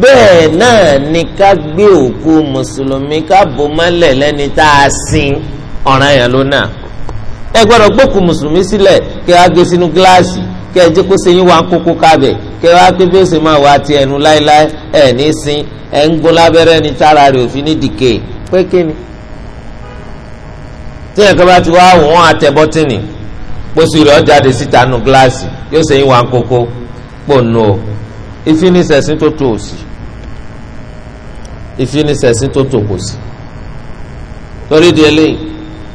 bẹ́ẹ̀ náà ni ká gbé òkú mùsùlùmí ká bò mọ́lẹ̀ lẹ́ni tá a sin ọ̀ràn yẹn ló ẹ gbọ́dọ̀ gbókù mùsùlùmí sílẹ̀ kí a gbé sínú gíláàsì kí ẹ jẹ́ kó ṣe wá kókó kábẹ̀ kẹwàá pé bí ó sì máa wá ti ẹnu láéláé ẹ ní sin ẹ ń gún lábẹ́rẹ́ ní tára rẹ̀ òfin ní dìke pé kí ni. tí ẹ̀ka bá ti wá wọ́n àtẹ bọ́tìnì pósí rẹ̀ ọ̀jáde síta nu gíláàsì yóò ṣe ìwà kókó pò nù o ìfinisẹ̀sìn tó tò sí ìfinisẹ̀sìn tó tò kò sí. torí di eléyìí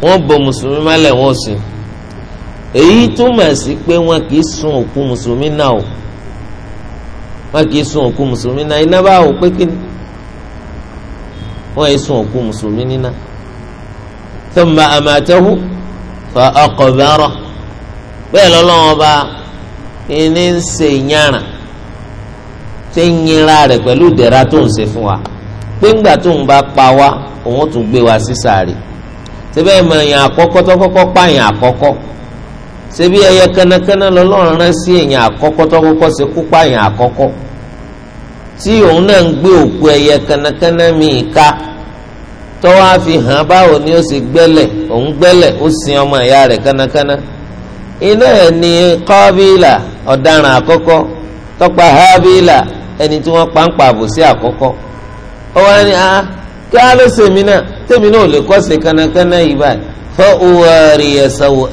wọ́n bo mùsùlùmí mọ́lẹ̀ wọ́n sìn èyí túmọ̀ sí pé wọn kì í sun òkú mùsùlùmí náà o wọn kì í sun òkú mùsùlùmí náà iná bá wò pé kíni wọn yìí sun òkú mùsùlùmí níná thumma amatahu fa aqbara bẹ́ẹ̀ lọ́lọ́wọ́n bá kíni ń ṣe yàrá ṣé ń yinra rẹ̀ pẹ̀lú ìdẹ̀ra tó ń ṣe fún wa pé tó ń bá pa wá òun tún gbé wa sí sàárè síbẹ̀ mọ̀ èèyàn àkọ́kọ́ tó kọ́kọ́ pààyàn àkọ́kọ́ ṣebí ẹyẹ kánnakánná lọ́lọ́run rán sí èèyàn àkọ́kọ́ tó kọ́kọ́ ṣe kú pààyàn àkọ́kọ́ tí òun náà ń gbé òkú ẹyẹ kánnakánná míì ká tó wá fi hàn báwo ni ó sì gbẹ́lẹ̀ òun gbẹ́lẹ̀ ó sin ọmọ ìyá rẹ̀ kánnakánná iná ẹ̀ ní kọ́bílà ọ̀daràn àkọ́kọ́ tọ́pa hábílà ẹni tí wọ́n pa ń pààbò sí àkọ́kọ́ ó wá ní ah kí á ló sèmi náà tèmi náà ò lè kọ́ sí kánnakánná yìí báyìí fọ́ òwò rèé sọ́wọ́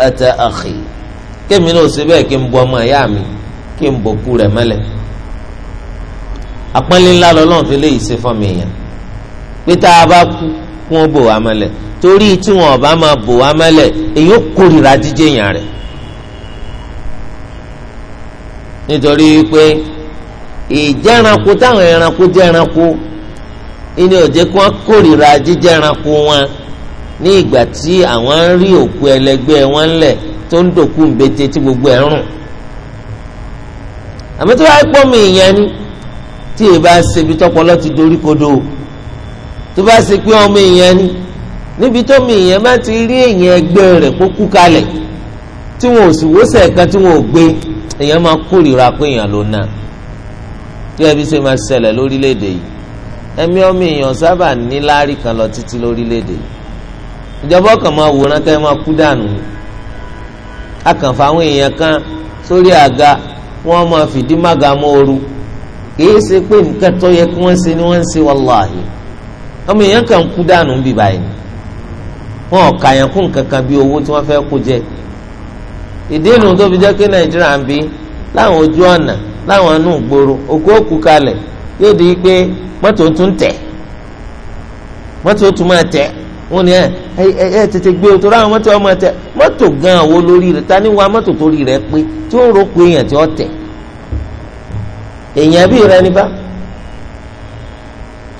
kémi náà ṣe bẹ́ẹ̀ kí n bu ọmọ ìyá mi kí n bòkú rẹ̀ mẹ́lẹ̀. àpọ́nlé ńlá lọ́lọ́run fi léyìí ṣe fún mi yẹn pé tá a bá kú kún ó bò wá mọ́lẹ̀ torí tí wọn ọba máa bò wá mọ́lẹ̀ èyí e ó kórìíra jíjẹ́ yàn rẹ̀ nítorí pé ìjẹ́ táwọn ẹranko jẹ́ ẹranko ìní ò kí wọ́n kórìíra jíjẹ́ ẹranko wọn ní ìgbà tí àwọn ń rí òkú ẹlẹgbẹ́ wọn lẹ̀ tó ń dòkú nbete tí gbogbo ẹ̀ ń rùn àmọ́ tó bá pọ̀ mí ìyẹn ni tí èyí bá tọpọlọ ti dorí kodo tó bá ṣe pé ọmọ ìyẹn ni níbi tó mi ìyẹn bá ti rí èyàn ẹgbẹ́ rẹ̀ kó kú kalẹ̀ tí wọn ò sì wọ́sẹ̀ kan tí wọn ò gbé èyàn máa kórìíra pé èyàn ló nà kí ẹbí ṣe máa ṣẹlẹ̀ lórílẹ̀‐èdè yìí ẹ̀mí ọmọ èèyàn sábà ní láárí kan lọ títí lórílẹ̀‐èdè ìjọba ọkàn máa wòran kẹ́ máa kú dànù ni akànfà àwọn èèyàn kan sórí àga wọn máa fìdí màgà mọ́ ooru kìí ṣe pé nǹkan tó yẹ kí wọ́n ṣe ni wọ́n ń ṣe wàláhì ọmọ èèyàn kan kú dànù bí báyìí wọn ò kàyàn kún kankan bí owó tí wọ́n fẹ́ kó jẹ ìdí tó fi jẹ́ nàìjíríà ń bí láwọn ojú ọ̀nà láwọn inú ìgboro òkú òkú kalẹ̀ yóò wọn ni ẹ ẹ tètè gbé o torí àwọn mọ́tò ọmọ tẹ mọ́tò gan àwọn olórí rẹ ta ni wa mọ́tò torí rẹ pé tí ó ń ro pé èèyàn tí ó tẹ èèyàn bí rẹ ní bá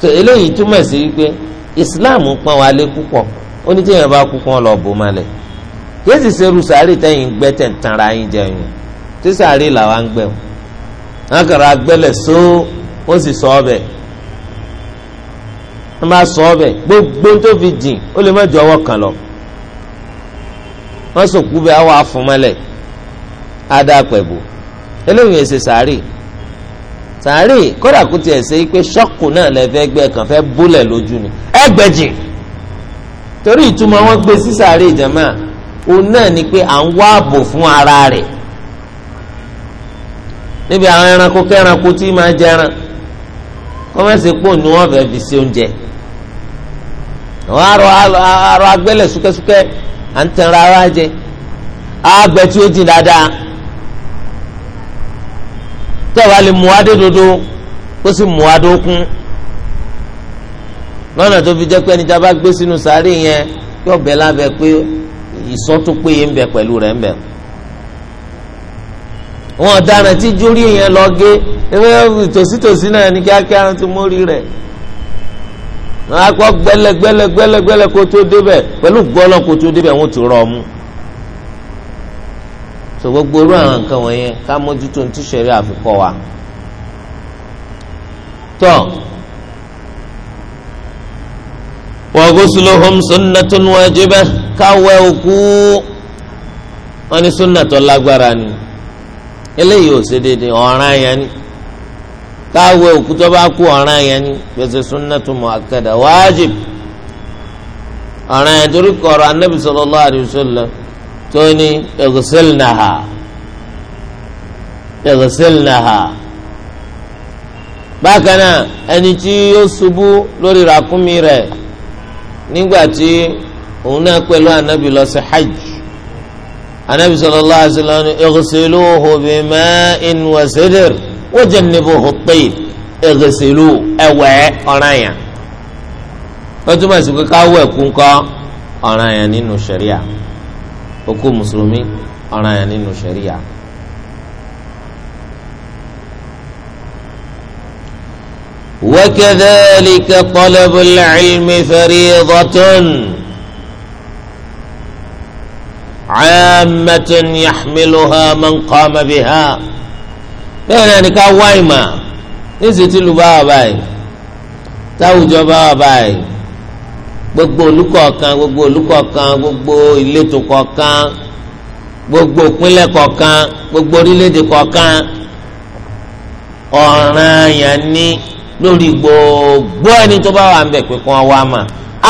so eléyìí túmọ̀ sí wípé Islam pọ́n wa lé púpọ̀ ó ní téèyàn bá kú kán lọ bò má lẹ̀ yéé sì ṣerú sàárè tẹ́yìn gbẹ́ tẹ̀ ń tanra yín jẹun tí sàárè làwa ń wọn kàrà gbẹ́lẹ̀ só ó sì sọ ọbẹ̀ wọ́n bá sọ ọbẹ̀ gbogbo tó fi dìn ó lè má ju ọwọ́ kan lọ wọ́n sòkú bẹ́ẹ̀ àwọn afúnmọ́lẹ̀ adá pẹ̀bù eléyìí èsè sàárì sàárì kódà kó tiẹ̀ ṣe pé ṣọ́ọ̀kù náà lẹ fẹ́ gbẹ kàn fẹ́ búlẹ̀ lójú ni ẹgbẹ̀jì torí ìtumọ̀ wọn gbé sí sàárì ìjàmá òun náà ni pé à ń wá ààbò fún ara rẹ̀ níbi àwọn ẹranko kẹranko tí máa jẹran kọ́mẹ́sì pò ní wọ́n fẹ́ fi ṣe oúnjẹ. àwọn arọ arọ agbẹ́lẹ̀ súkẹ́súkẹ́ à ń tẹnra ara jẹ àgbẹ̀ tí ó jìn dáadáa tẹ́wàá lè mú adé dodo kó sì mú adé lọ́nà tó fi jẹ́ pé ẹni bá gbé sínú sàárè yẹn yóò bẹ̀ lábẹ́ pé ìsọ́ tó péye ń bẹ pẹ̀lú rẹ̀ ń wọn tí yẹn lọ wọn á kọ́ gbẹ́lẹ́gbẹ́lẹ́gbẹ́lẹ́ kó tó débẹ̀ pẹ̀lú gbọ́lọ́ kó tó débẹ̀ wọn ò ti rọ ọmú. sọ gbogbo irú àwọn nǹkan wọ̀nyẹn ká mójútó ní tíṣẹ̀rí àfikọ́ wa. tọ́ wa ghusluhum sunnatun wajibah káwẹ́ òkú wọn ní sunnatun lágbára ni eléyìí ò ṣe déédéé ọ̀ràn yẹn ni káwé òkú tó bá kú ọ̀ràn yẹn ni gbèsè sunnatu muakkada wájib ọ̀ràn yẹn torí kọ̀ọ̀rọ̀ anabi sallallahu alaihi wasallam tó ní igsilnaha igsilnaha bákan náà ẹni tí yóò ṣubú lórí ràkúnmí rẹ̀ nígbà tí òun náà pẹ̀lú anabi lọ sí hajj anabi sallallahu alaihi wasallam igsiluhu bima'in wa sidr. وجنبوه الطيب اغسلوه ẹwẹ̀ ọ̀ràn yẹn wọ́n túmọ̀ sí pé káwọ́ ẹ̀kú ńkọ́ ọ̀ràn yẹn nínú ṣẹ̀ríà òkú mùsùlùmí ọ̀ràn yẹn nínú ṣẹ̀ríà. وكذلك طلب العلم فريضة عامة يحملها من قام بها bẹ́ẹ̀ náà ni ká wá ìmọ̀ níṣẹ́ tí lu bá wà báyìí táwùjọ bá wà báyìí gbogbo olùkọ̀ọ̀kan gbogbo olùkọ̀ọ̀kan gbogbo ìletò kọ̀ọ̀kan gbogbo ìpínlẹ̀ kọ̀ọ̀kan gbogbo orílẹ̀-èdè kọ̀ọ̀kan ọ̀ràn yẹn ní lórí gbogbo ẹni tó bá wà ń bẹ̀ pé kí wọ́n wá mà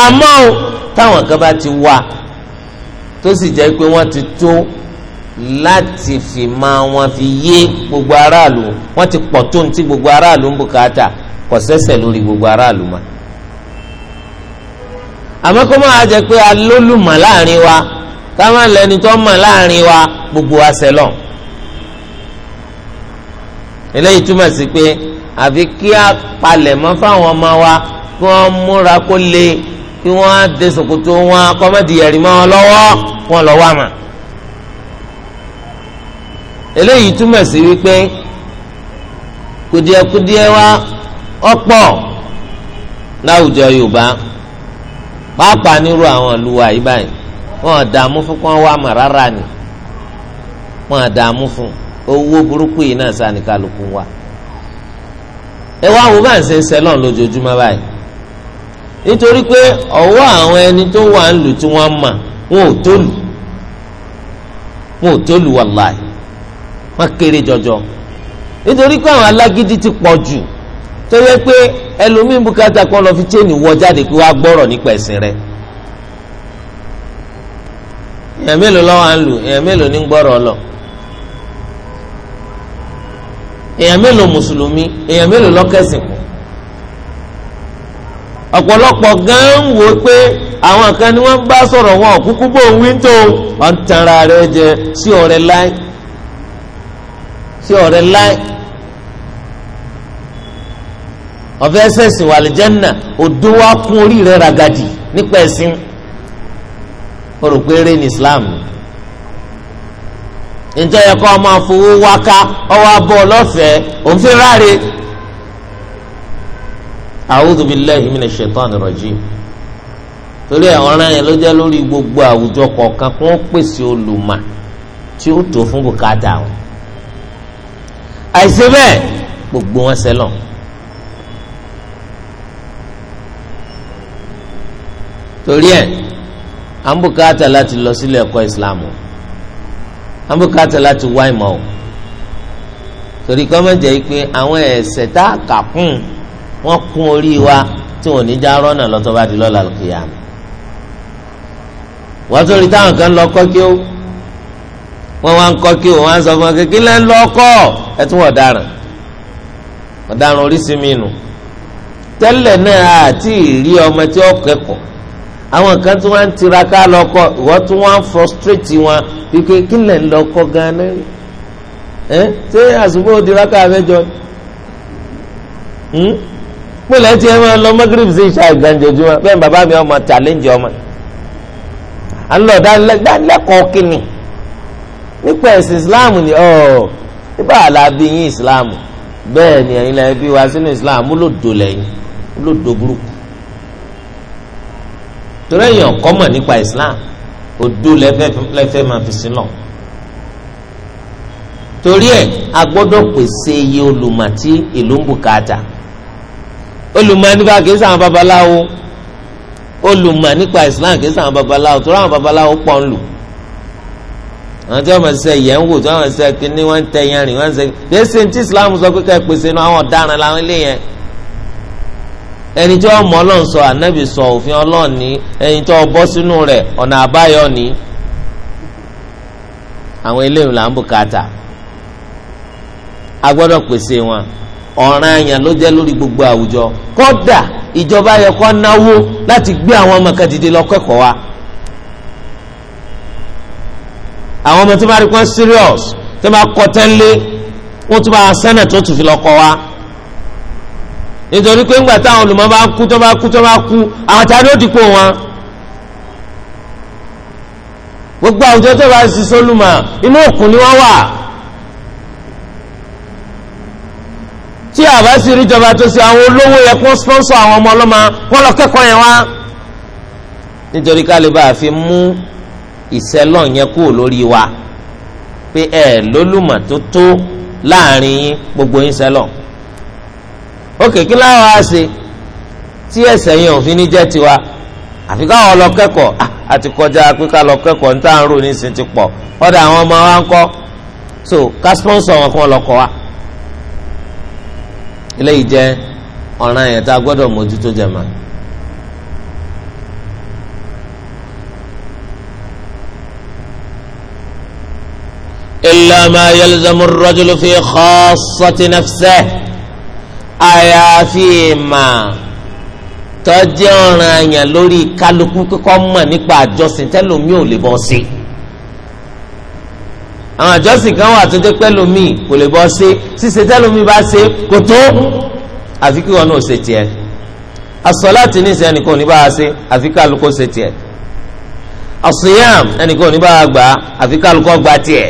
àmọ́ táwọn kan bá ti wà tó sì jẹ́ pé wọ́n ti tó láti fi máa wọn fi yé gbogbo aráàlú wọn ti pọ̀ tó ntí gbogbo aráàlú ń bùkátà kò sẹ́sẹ̀ lórí gbogbo aráàlú ma. àmọ́ kó máa jẹ́ pé alólùmọ̀ láàrin wa ká má lẹ́ni tó mọ̀ láàrin wa gbogbo àṣẹlọ̀. eléyìí túmọ̀ sí pé àfi kí a palẹ̀ mọ́ fáwọn ọmọ wa kí wọ́n múra kó le kí wọ́n á dé ṣòkòtò wọn kọ́mọ́dìyẹ̀rì mọ́ wọn lọ́wọ́ wọn lọ́wọ́ àmà. eléyìí túmọ̀ sí wípé kùdìẹ̀kùdìẹ̀ wa ọ̀pọ̀ láwùjọ yorùbá pàápàá nírú àwọn ìlú yìí báyìí wọn dààmú fún kí wọn wá mà rárá ni wọn dààmú fún owó burúkú yìí náà sani kálukú wa ẹ wá wo bá ń ṣe ń sẹlọ̀ lójoojúmọ́ báyìí nítorí pé ọ̀wọ́ àwọn ẹni tó wà ń lù tí wọ́n mà wọn ò tó lù wọn ò ma kéré jọjọ nítorí pé àwọn alágídí ti pọ̀ jù tó yẹ pé ẹlòmíín bùkátà kan lọ fi chain wọ jáde pé wàá gbọ́rọ̀ nípa ẹ̀sìn rẹ̀ èèyàn mélòó lọ́wọ́ à ń lù èèyàn mélòó ní gbọ́rọ̀ lọ èèyàn mélòó mùsùlùmí èèyàn mélòó lọ́kẹ́sìn kù ọ̀pọ̀lọpọ̀ gan pé àwọn kan ni wọ́n bá sọ̀rọ̀ wọn tí ọ̀rẹ́ láì ọ̀fẹ́ ẹsẹ̀sìn wà odò wa kún orí rẹ ragadi nípa o rò pé Islam ǹjẹ́ yẹ kó ọmọ afowó wáká ọwọ́ abọ́ ọlọ́fẹ̀ẹ́ òfin ráre torí yẹn gbogbo àwùjọ kọọkan kó pèsè tí ó tó fún bùkátà wọn àìṣe bẹ́ẹ̀ gbogbo wọn sẹ́lọ̀. torí ẹ̀ àǹbùkátà láti lọ sílé ẹ̀kọ́ Islam o àǹbùkátà láti wá ìmọ̀ o torí kọ́ mọ̀jẹ̀ pé àwọn ẹ̀ṣẹ̀ tá a kà kún wọ́n kún orí wa tí wọ́n ní já rọ́nà lọ́tọ́ bá di lọ́la kìyàmù wọ́n tó rí táwọn kan lọ kọ́ kí ó wọ́n wá ń kọ́ kí wọ́n wá ń sọ fún wọn kékeré lẹ́ ń lọ ọkọ̀ ẹ tún wọ̀ ọ̀daràn ọ̀daràn oríṣi mi nù tẹ́lẹ̀ náà àti ìrí ọmọ tí ó kẹ́kọ̀ọ́ àwọn kan tí wọ́n ń tiraka lọ́kọ̀ ìwọ́n tí wọ́n ń frustrate wọn kíkẹ́ kí lẹ́ ń lọ́kọ̀ gan-an ẹ ṣé àsìkò tiraka àfẹ́jọ́ hmm? pẹ̀lú ẹ ti ẹ máa lọ magrib sí ìṣá ìgbàǹjọ́júmọ́ bẹ́ẹ̀ bàbá mi ọmọ challenge ọmọ àlọ́ dánilẹ́kọ̀ọ́ kínni nípa ẹ̀sìn islam ni ọ̀ nípa àlàbí yín islam bẹ́ẹ̀ ni ẹ̀yin lẹ́yìn bí wá sínú islam múlòdó lẹ́yìn múlòdó burúkú torí èèyàn kọ́ mọ̀ nípa islam òdo lẹ́fẹ́ máa fi sí náà torí ẹ̀ a gbọ́dọ̀ pèsè iye olùmọ̀ tí ìlú ń bùkátà olùmọ̀ nípa kìí sàn babaláwo olùmọ̀ nípa islam kìí sàn babaláwo torí àwọn babaláwo pọ̀ ń lù àwọn tí wọn máa ṣe ìyẹnwò tí wọn máa ṣe kínní wọn ń tẹ yẹn rìn wọn ń ṣe yẹn ṣe tí islam sọ pé ká pèsè inú àwọn ọ̀daràn làwọn ilé yẹn ẹni tí wọn mọ Ọlọ́run sọ ànábì sọ òfin Ọlọ́run ní ẹni tí wọn bọ́ sínú rẹ̀ ọ̀nà àbáyọ ní àwọn eléyìí là bùkátà a gbọ́dọ̀ pèsè wọn ọ̀ràn àyàn ló jẹ́ lórí gbogbo àwùjọ kódà ìjọba yẹ kó náwó láti gbé àwọn ọmọ kan dìde lọ kẹ́kọ̀ọ́ wa. àwọn ọmọ tó bá rí pọ́n serious tó bá kọ́ tẹ́lẹ̀ wọ́n tún bá sẹ́nà tó tún fi lọ́kọ́ wa nítorí pé ńgbà táwọn olùmọ̀ bá kú tó bá kú tó bá kú àwọn tá a ló dìpọ̀ wọn gbogbo àwùjọ tó bá sì sólùmọ̀ inú òkun ni wọ́n wà tí àbá sì rí ìjọba tó ṣe àwọn olówó yẹ kó sponsor àwọn ọmọ ọlọ́mọ wọn lọ kẹ́kọ̀ọ́ yẹn wá nítorí ká lè bá a fi mú ìṣẹlọ yẹn kúrò lórí wa pé ẹ lólùmọ̀ tó tó láàrin yín gbogbo yín ṣẹlọ òkè kí láwọn á ṣe tí ẹ̀ṣẹ̀ yẹn òfin ní jẹ́ tiwa àfi káwọn lọ àti ah, kọjá pé ká lọ níta ń rò nísìn ti pọ̀ ọ̀dọ̀ àwọn ọmọ wa ń kọ́ so ká sponsor wọn kí wọ́n lọ kọ́ wa. eléyìí jẹ́ ọ̀ràn yẹn tá a gbọ́dọ̀ mójútó jẹ̀ máa. illa ma yalzamu rajulu fi khassati nafsihi àyàfi ìmà tọ́jú ọ̀ràn àyàn lórí kálukú kíkọ́ mọ̀ nípa àjọsìn tẹ́lómi ò lè bọ́ sí. àwọn àjọsìn kan wà tó dé pẹ́lómi kò lè bọ́ sí ṣíṣe tẹ́lómi bá ṣe kò tó àfi kí wọn náà ṣe tiẹ̀ asọ́láàtì ní ìsìn ẹnìkan ò ní bá a ṣe àfi kálukú ṣe tiẹ̀ asiyam ẹnìkan ò ní bá a gbà àfi kálukú gbà tiẹ̀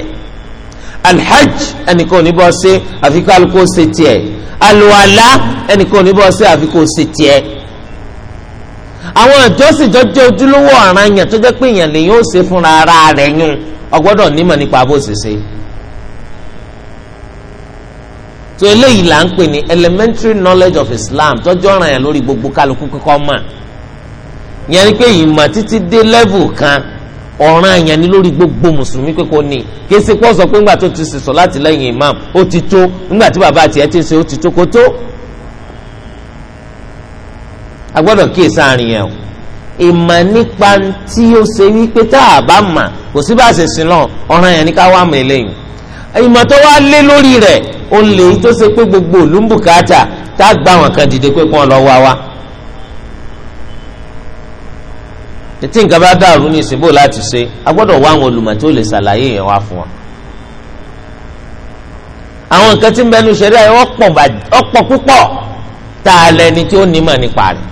alhaj ẹnìkan ò ní bọ́ ṣe àfi kó alukó ṣe tiẹ̀ aluwala ẹnìkan ò ní bọ́ ṣe àfi kó ṣe tiẹ̀ àwọn ìjọsìn jọjọ ojúlówó ọ̀ràn yẹn tó jẹ́ pé èèyàn lèyìn ó ṣe fúnra ara rẹ̀ yún ọgbọ́dọ̀ nímọ̀ nípa bó ṣe ṣe tó eléyìí là ń pè ní elementary knowledge of Islam tọ́jú ọ̀ràn yẹn lórí gbogbo kálukú kíkọ́ mọ̀ yẹn ni pé ìmọ̀ títí dé level kan ọ̀ràn àyàn ni lórí gbogbo mùsùlùmí pé kò ní kése kó sọ pé ńgbà tó ti sọ láti lẹ́yìn imam ó ti tó ńgbà tí bàbá tiẹ̀ ti ṣe ó ti tó kó tó. a gbọ́dọ̀ kíyè sáàrin yẹn o ìmọ̀ nípa tí ó ṣe wípé tá a bá mà kò sí bá a ṣe sin náà ọ̀ràn àyàn ni ká wá mọ̀ eléyìí ìmọ̀ tó wá lé lórí rẹ̀ ó lè tó ṣe pé gbogbo òlùmbùkátà tá a gbà wọn kan dìde pé kó wọn lọ wá wa. tí nǹkan bá dàrú ní ìsìnbó láti ṣe a gbọ́dọ̀ wá àwọn olùmọ̀ tó lè ṣàlàyé yẹn wá fún wa. àwọn nǹkan tí ń bẹnu ṣẹlẹ̀ ayé ọ̀pọ̀ púpọ̀ tá a lẹni tí ó nímọ̀ nípa rẹ̀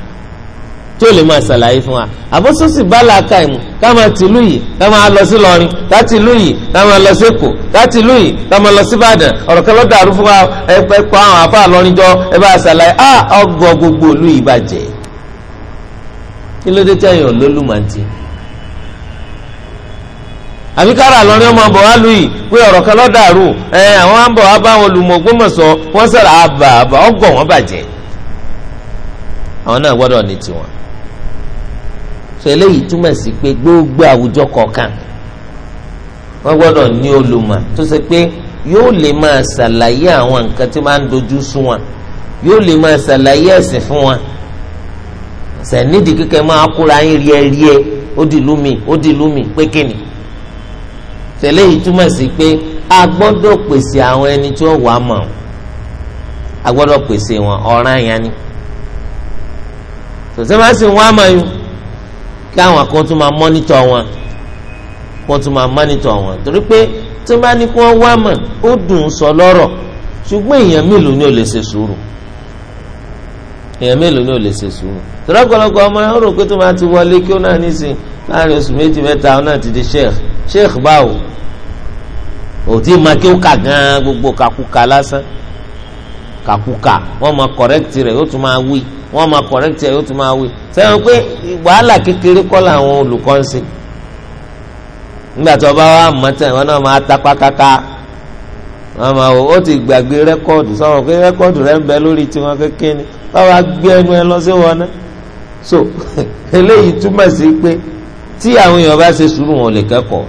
tí ó lè máa ṣàlàyé fún wa àbọ̀sọ́sì bálá káìmù ká máa tìlú yìí ká máa lọ sí lọrin ká tìlú yìí ká máa lọ sí èkó ká tìlú yìí ká máa lọ sí ìbàdàn ọ̀rọ̀ kan ló dàrú fún wa ẹ pẹ́ pa àwọn àfa àlọ́rin jọ ẹ bá ṣàlàyé á gbogbo olú yìí kí ló dé tẹ́yìn olólùmọ̀ntì àbí lọ́rin ọmọ bọ̀ wá lùyìí pé ọ̀rọ̀ kan lọ́ dàrú ẹ̀ àwọn á wá bá wọn olùmọ̀gbọ́mọ̀sọ wọ́n sọ̀rọ̀ àbà àbà wọn bàjẹ́ àwọn náà gbọ́dọ̀ so eléyìí túmọ̀ sí pé gbogbo àwùjọ kọ̀ọ̀kan wọ́n gbọ́dọ̀ ní olùmọ̀ tó ṣe pé yóò lè máa ṣàlàyé àwọn nǹkan máa ń dojú wọn yóò lè máa sẹ̀nídìí kíkẹ́ máa kóra yín rí ẹ rí ẹ ó di lumi ó di lumi pé kíni tẹ̀lé yìí túmọ̀ sí pé a gbọ́dọ̀ pèsè àwọn ẹni tí ó wà mọ̀ a gbọ́dọ̀ pèsè wọn ọ̀ràn yẹn ni tòṣe máa sì wọ́n àmọ́ yìí kí àwọn kan tún máa mọ́nítọ̀ wọn kan tún máa mọ́nítọ̀ wọn torí pé tí wọ́n bá ní kí wọ́n wá mọ̀ ó dùn sọ lọ́rọ̀ ṣùgbọ́n èèyàn mélòó ni ó lè ṣe sùúrù. èèyàn mélòó ni ò lè ṣe sùúrù tọ́lọ́pọ̀lọpọ̀ ọmọ yẹn ó rò pé tó máa ti wọlé kí ó náà ní sìn láàrin oṣù méjì mẹ́ta ó náà ti di sheikh sheikh báwo òtí ma kí ó kà gan gbogbo lásán kakuka wọ́n máa kọ̀rẹ́kìtì rẹ̀ yóò tún máa wí wọ́n máa kọ̀rẹ́kìtì rẹ̀ yóò tún máa wí pé wàhálà kékeré kọ́ làwọn olùkọ́ ń sìn nígbà bá wà mọ́tẹ́ wọn náà máa tapá kaka wọ́n máa wò ó ti gbàgbé rẹ́kọ́ọ̀dù pé rẹ́kọ́ọ̀dù rẹ̀ ń bẹ báwa gbé ẹnu ẹ lọ sí wọn náà so [laughs] eléyìí túmọ̀ sí pé tí àwọn èèyàn bá ṣe sùúrù wọn lè kẹ́kọ̀ọ́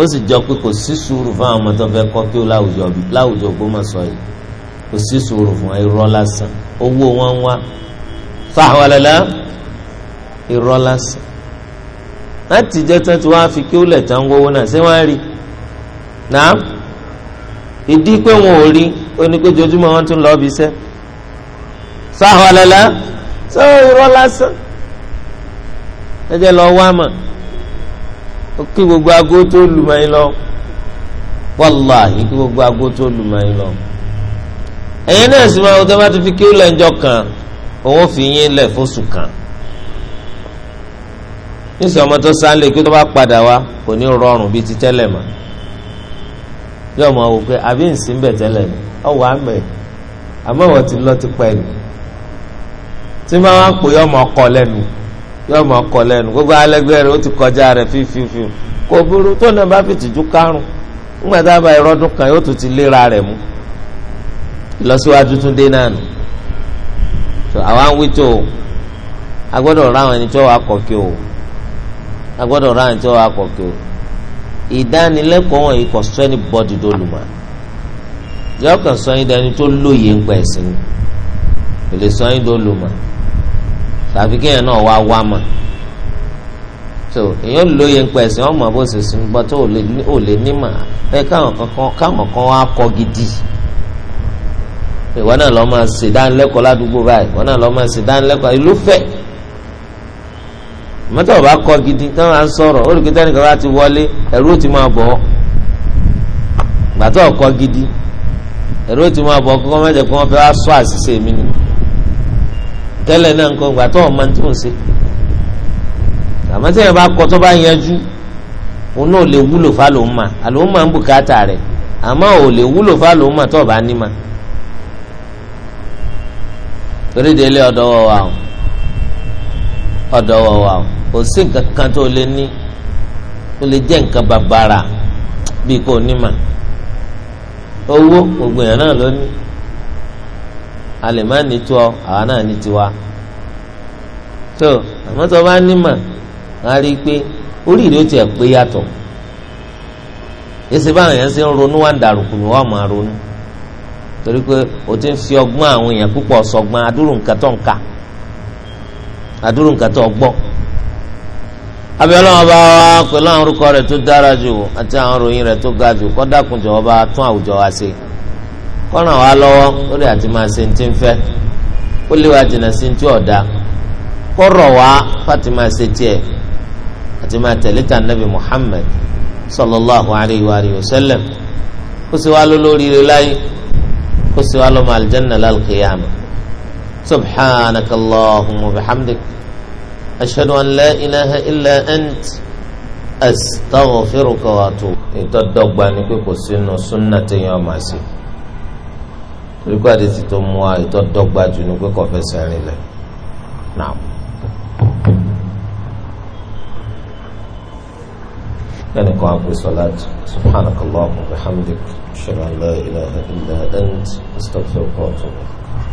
ó sì jọ pé kò sí sùúrù fún àwọn ọmọ tó fẹ́ kọ́ kí ó láwùjọ bí láwùjọ Ògbómọ̀ṣọ́ yìí kò sí sùúrù fún irọ́ lásán owó wọn wá fáwọn lẹ́lẹ́ irọ́ lásán láti jẹ́ tán tí wọ́n á fi kí ó lẹ̀ tán wọ́wọ́ náà ṣé wọ́n á rí náà ìdí pé wọn ò rí oníkójoojúmọ́ wọn tún lọ́ọ́ bí iṣẹ́ sáwọn ọlọlá sọ irọ́ lásán ẹjẹ lọ wá mà kí gbogbo aago tó lù yín lọ wàláhì kí gbogbo aago tó lù yín lọ náà sì máa wọ́n tó bá ti fi kí ó kan òun fi yín fóṣù kan ọmọ tó kí tó bá padà wá kò ní rọrùn bíi ti wò pé àbí ni tí máa wá ń pè yọmọ ọkọ lẹ́nu yọmọ ọkọ lẹ́nu gbogbo alẹ́gbẹ́ rẹ̀ ó ti kọjá rẹ̀ fífífí kò burú tó náà bá fi tìjú kárùn ńgbà tá a bá kan yóò tún ti léra rẹ̀ mú ìlọsíwájú tún dé náà nù so àwa ń wí tó o a gbọ́dọ̀ ra àwọn ẹni tí wọ́n wá kọ̀ kí o a gbọ́dọ̀ ra àwọn ẹni tí wọ́n wá kọ̀ kí o ìdánilẹ́kọ̀ọ́ wọn yìí kò sọ ẹni bọ́dì tó lù mà yọ sọ ẹni dání tó lóye ń pa ẹ̀sìn kò lè sọ ẹni tó lù mà tàbí kéèyàn náà wá wá mọ̀ so èèyàn lóye nǹkan ẹ̀sìn ọmọ bó ṣe sùn gbọ́ tó ò lè nímọ̀ bẹ́ẹ̀ káwọn kan káwọn kan wá kọ́ gidi ìwọ náà lọ́ọ́ máa ṣe dánilẹ́kọ̀ọ́ ládùúgbò báyìí ìwọ náà lọ́ọ́ máa ṣe dánilẹ́kọ̀ọ́ ìlú fẹ́ mọ́tò ọba kọ́ gidi tí wọ́n á sọ̀rọ̀ olùkítẹ́ nìkan bá ti wọlé ẹ̀rú ti máa bọ̀ ọ́ gbàtọ́ gidi ẹ̀rú ti máa bọ̀ ọ́ kọ́kọ́ mẹ́jẹ̀ kí wọ́n wá sọ àṣìṣe mi nìyẹn tẹ́lẹ̀ náà nǹkan gbà tó ọmọ tó ń ṣe àmọ́ tẹ́yìn bá kọ́ tó bá yanjú òun náà lè wúlò fálòmà àlòmà ń bùkátà rẹ̀ àmọ́ ò lè wúlò fálòmà tó bá ní ma torí délé ọ̀dọ́wọ́ wa o ọ̀dọ́wọ́ wa o kò sí nǹkan kan tó lè ní ó lè jẹ́ nǹkan bàbàrà bí kò ní owó gbogbo èèyàn náà ló a lè má ní tó ọ àwa náà ní tiwa tó àmọ́ tó bá nímọ̀ á rí i pé oríire ó tiẹ̀ pé yàtọ̀ èsì báwọn èèyàn ṣe ń ronú torí pé o ti ń fi ọgbọ́n àwọn èèyàn nǹkan tó ń ọba àwọn orúkọ tó dára jù àti àwọn tó ga jù dákun bá kọ́ràn wa lọ́wọ́ lórí àti máa ṣe ní ti ń fẹ́ kó lè wa jìnnà sí ti ọ̀dà kọ́rọ̀ wa fati máa ṣe tiẹ̀ àti máa tẹ̀lé ta nabi Muhammad sallallahu alayhi wa alihi wa sallam kó sì wá lórí rẹ láyé kó sì wá lọ́mọ aljanna lálùkìyàmù subhanaka allahumma bihamdik ashadu an la ilaha illa ant astaghfiruka wa atubu. ìtọ́dọ̀gba ni pé kò sínú súnnà téèyàn máa ṣe torí kó àdìsí tó mú wa ètò dọ́gba jù ní pé kò fẹsẹ̀ rìn lẹ̀ náà. يعني قام بصلاة سبحانك اللهم وبحمدك أشهد أن لا إله إلا أنت أستغفرك وأتوب إليك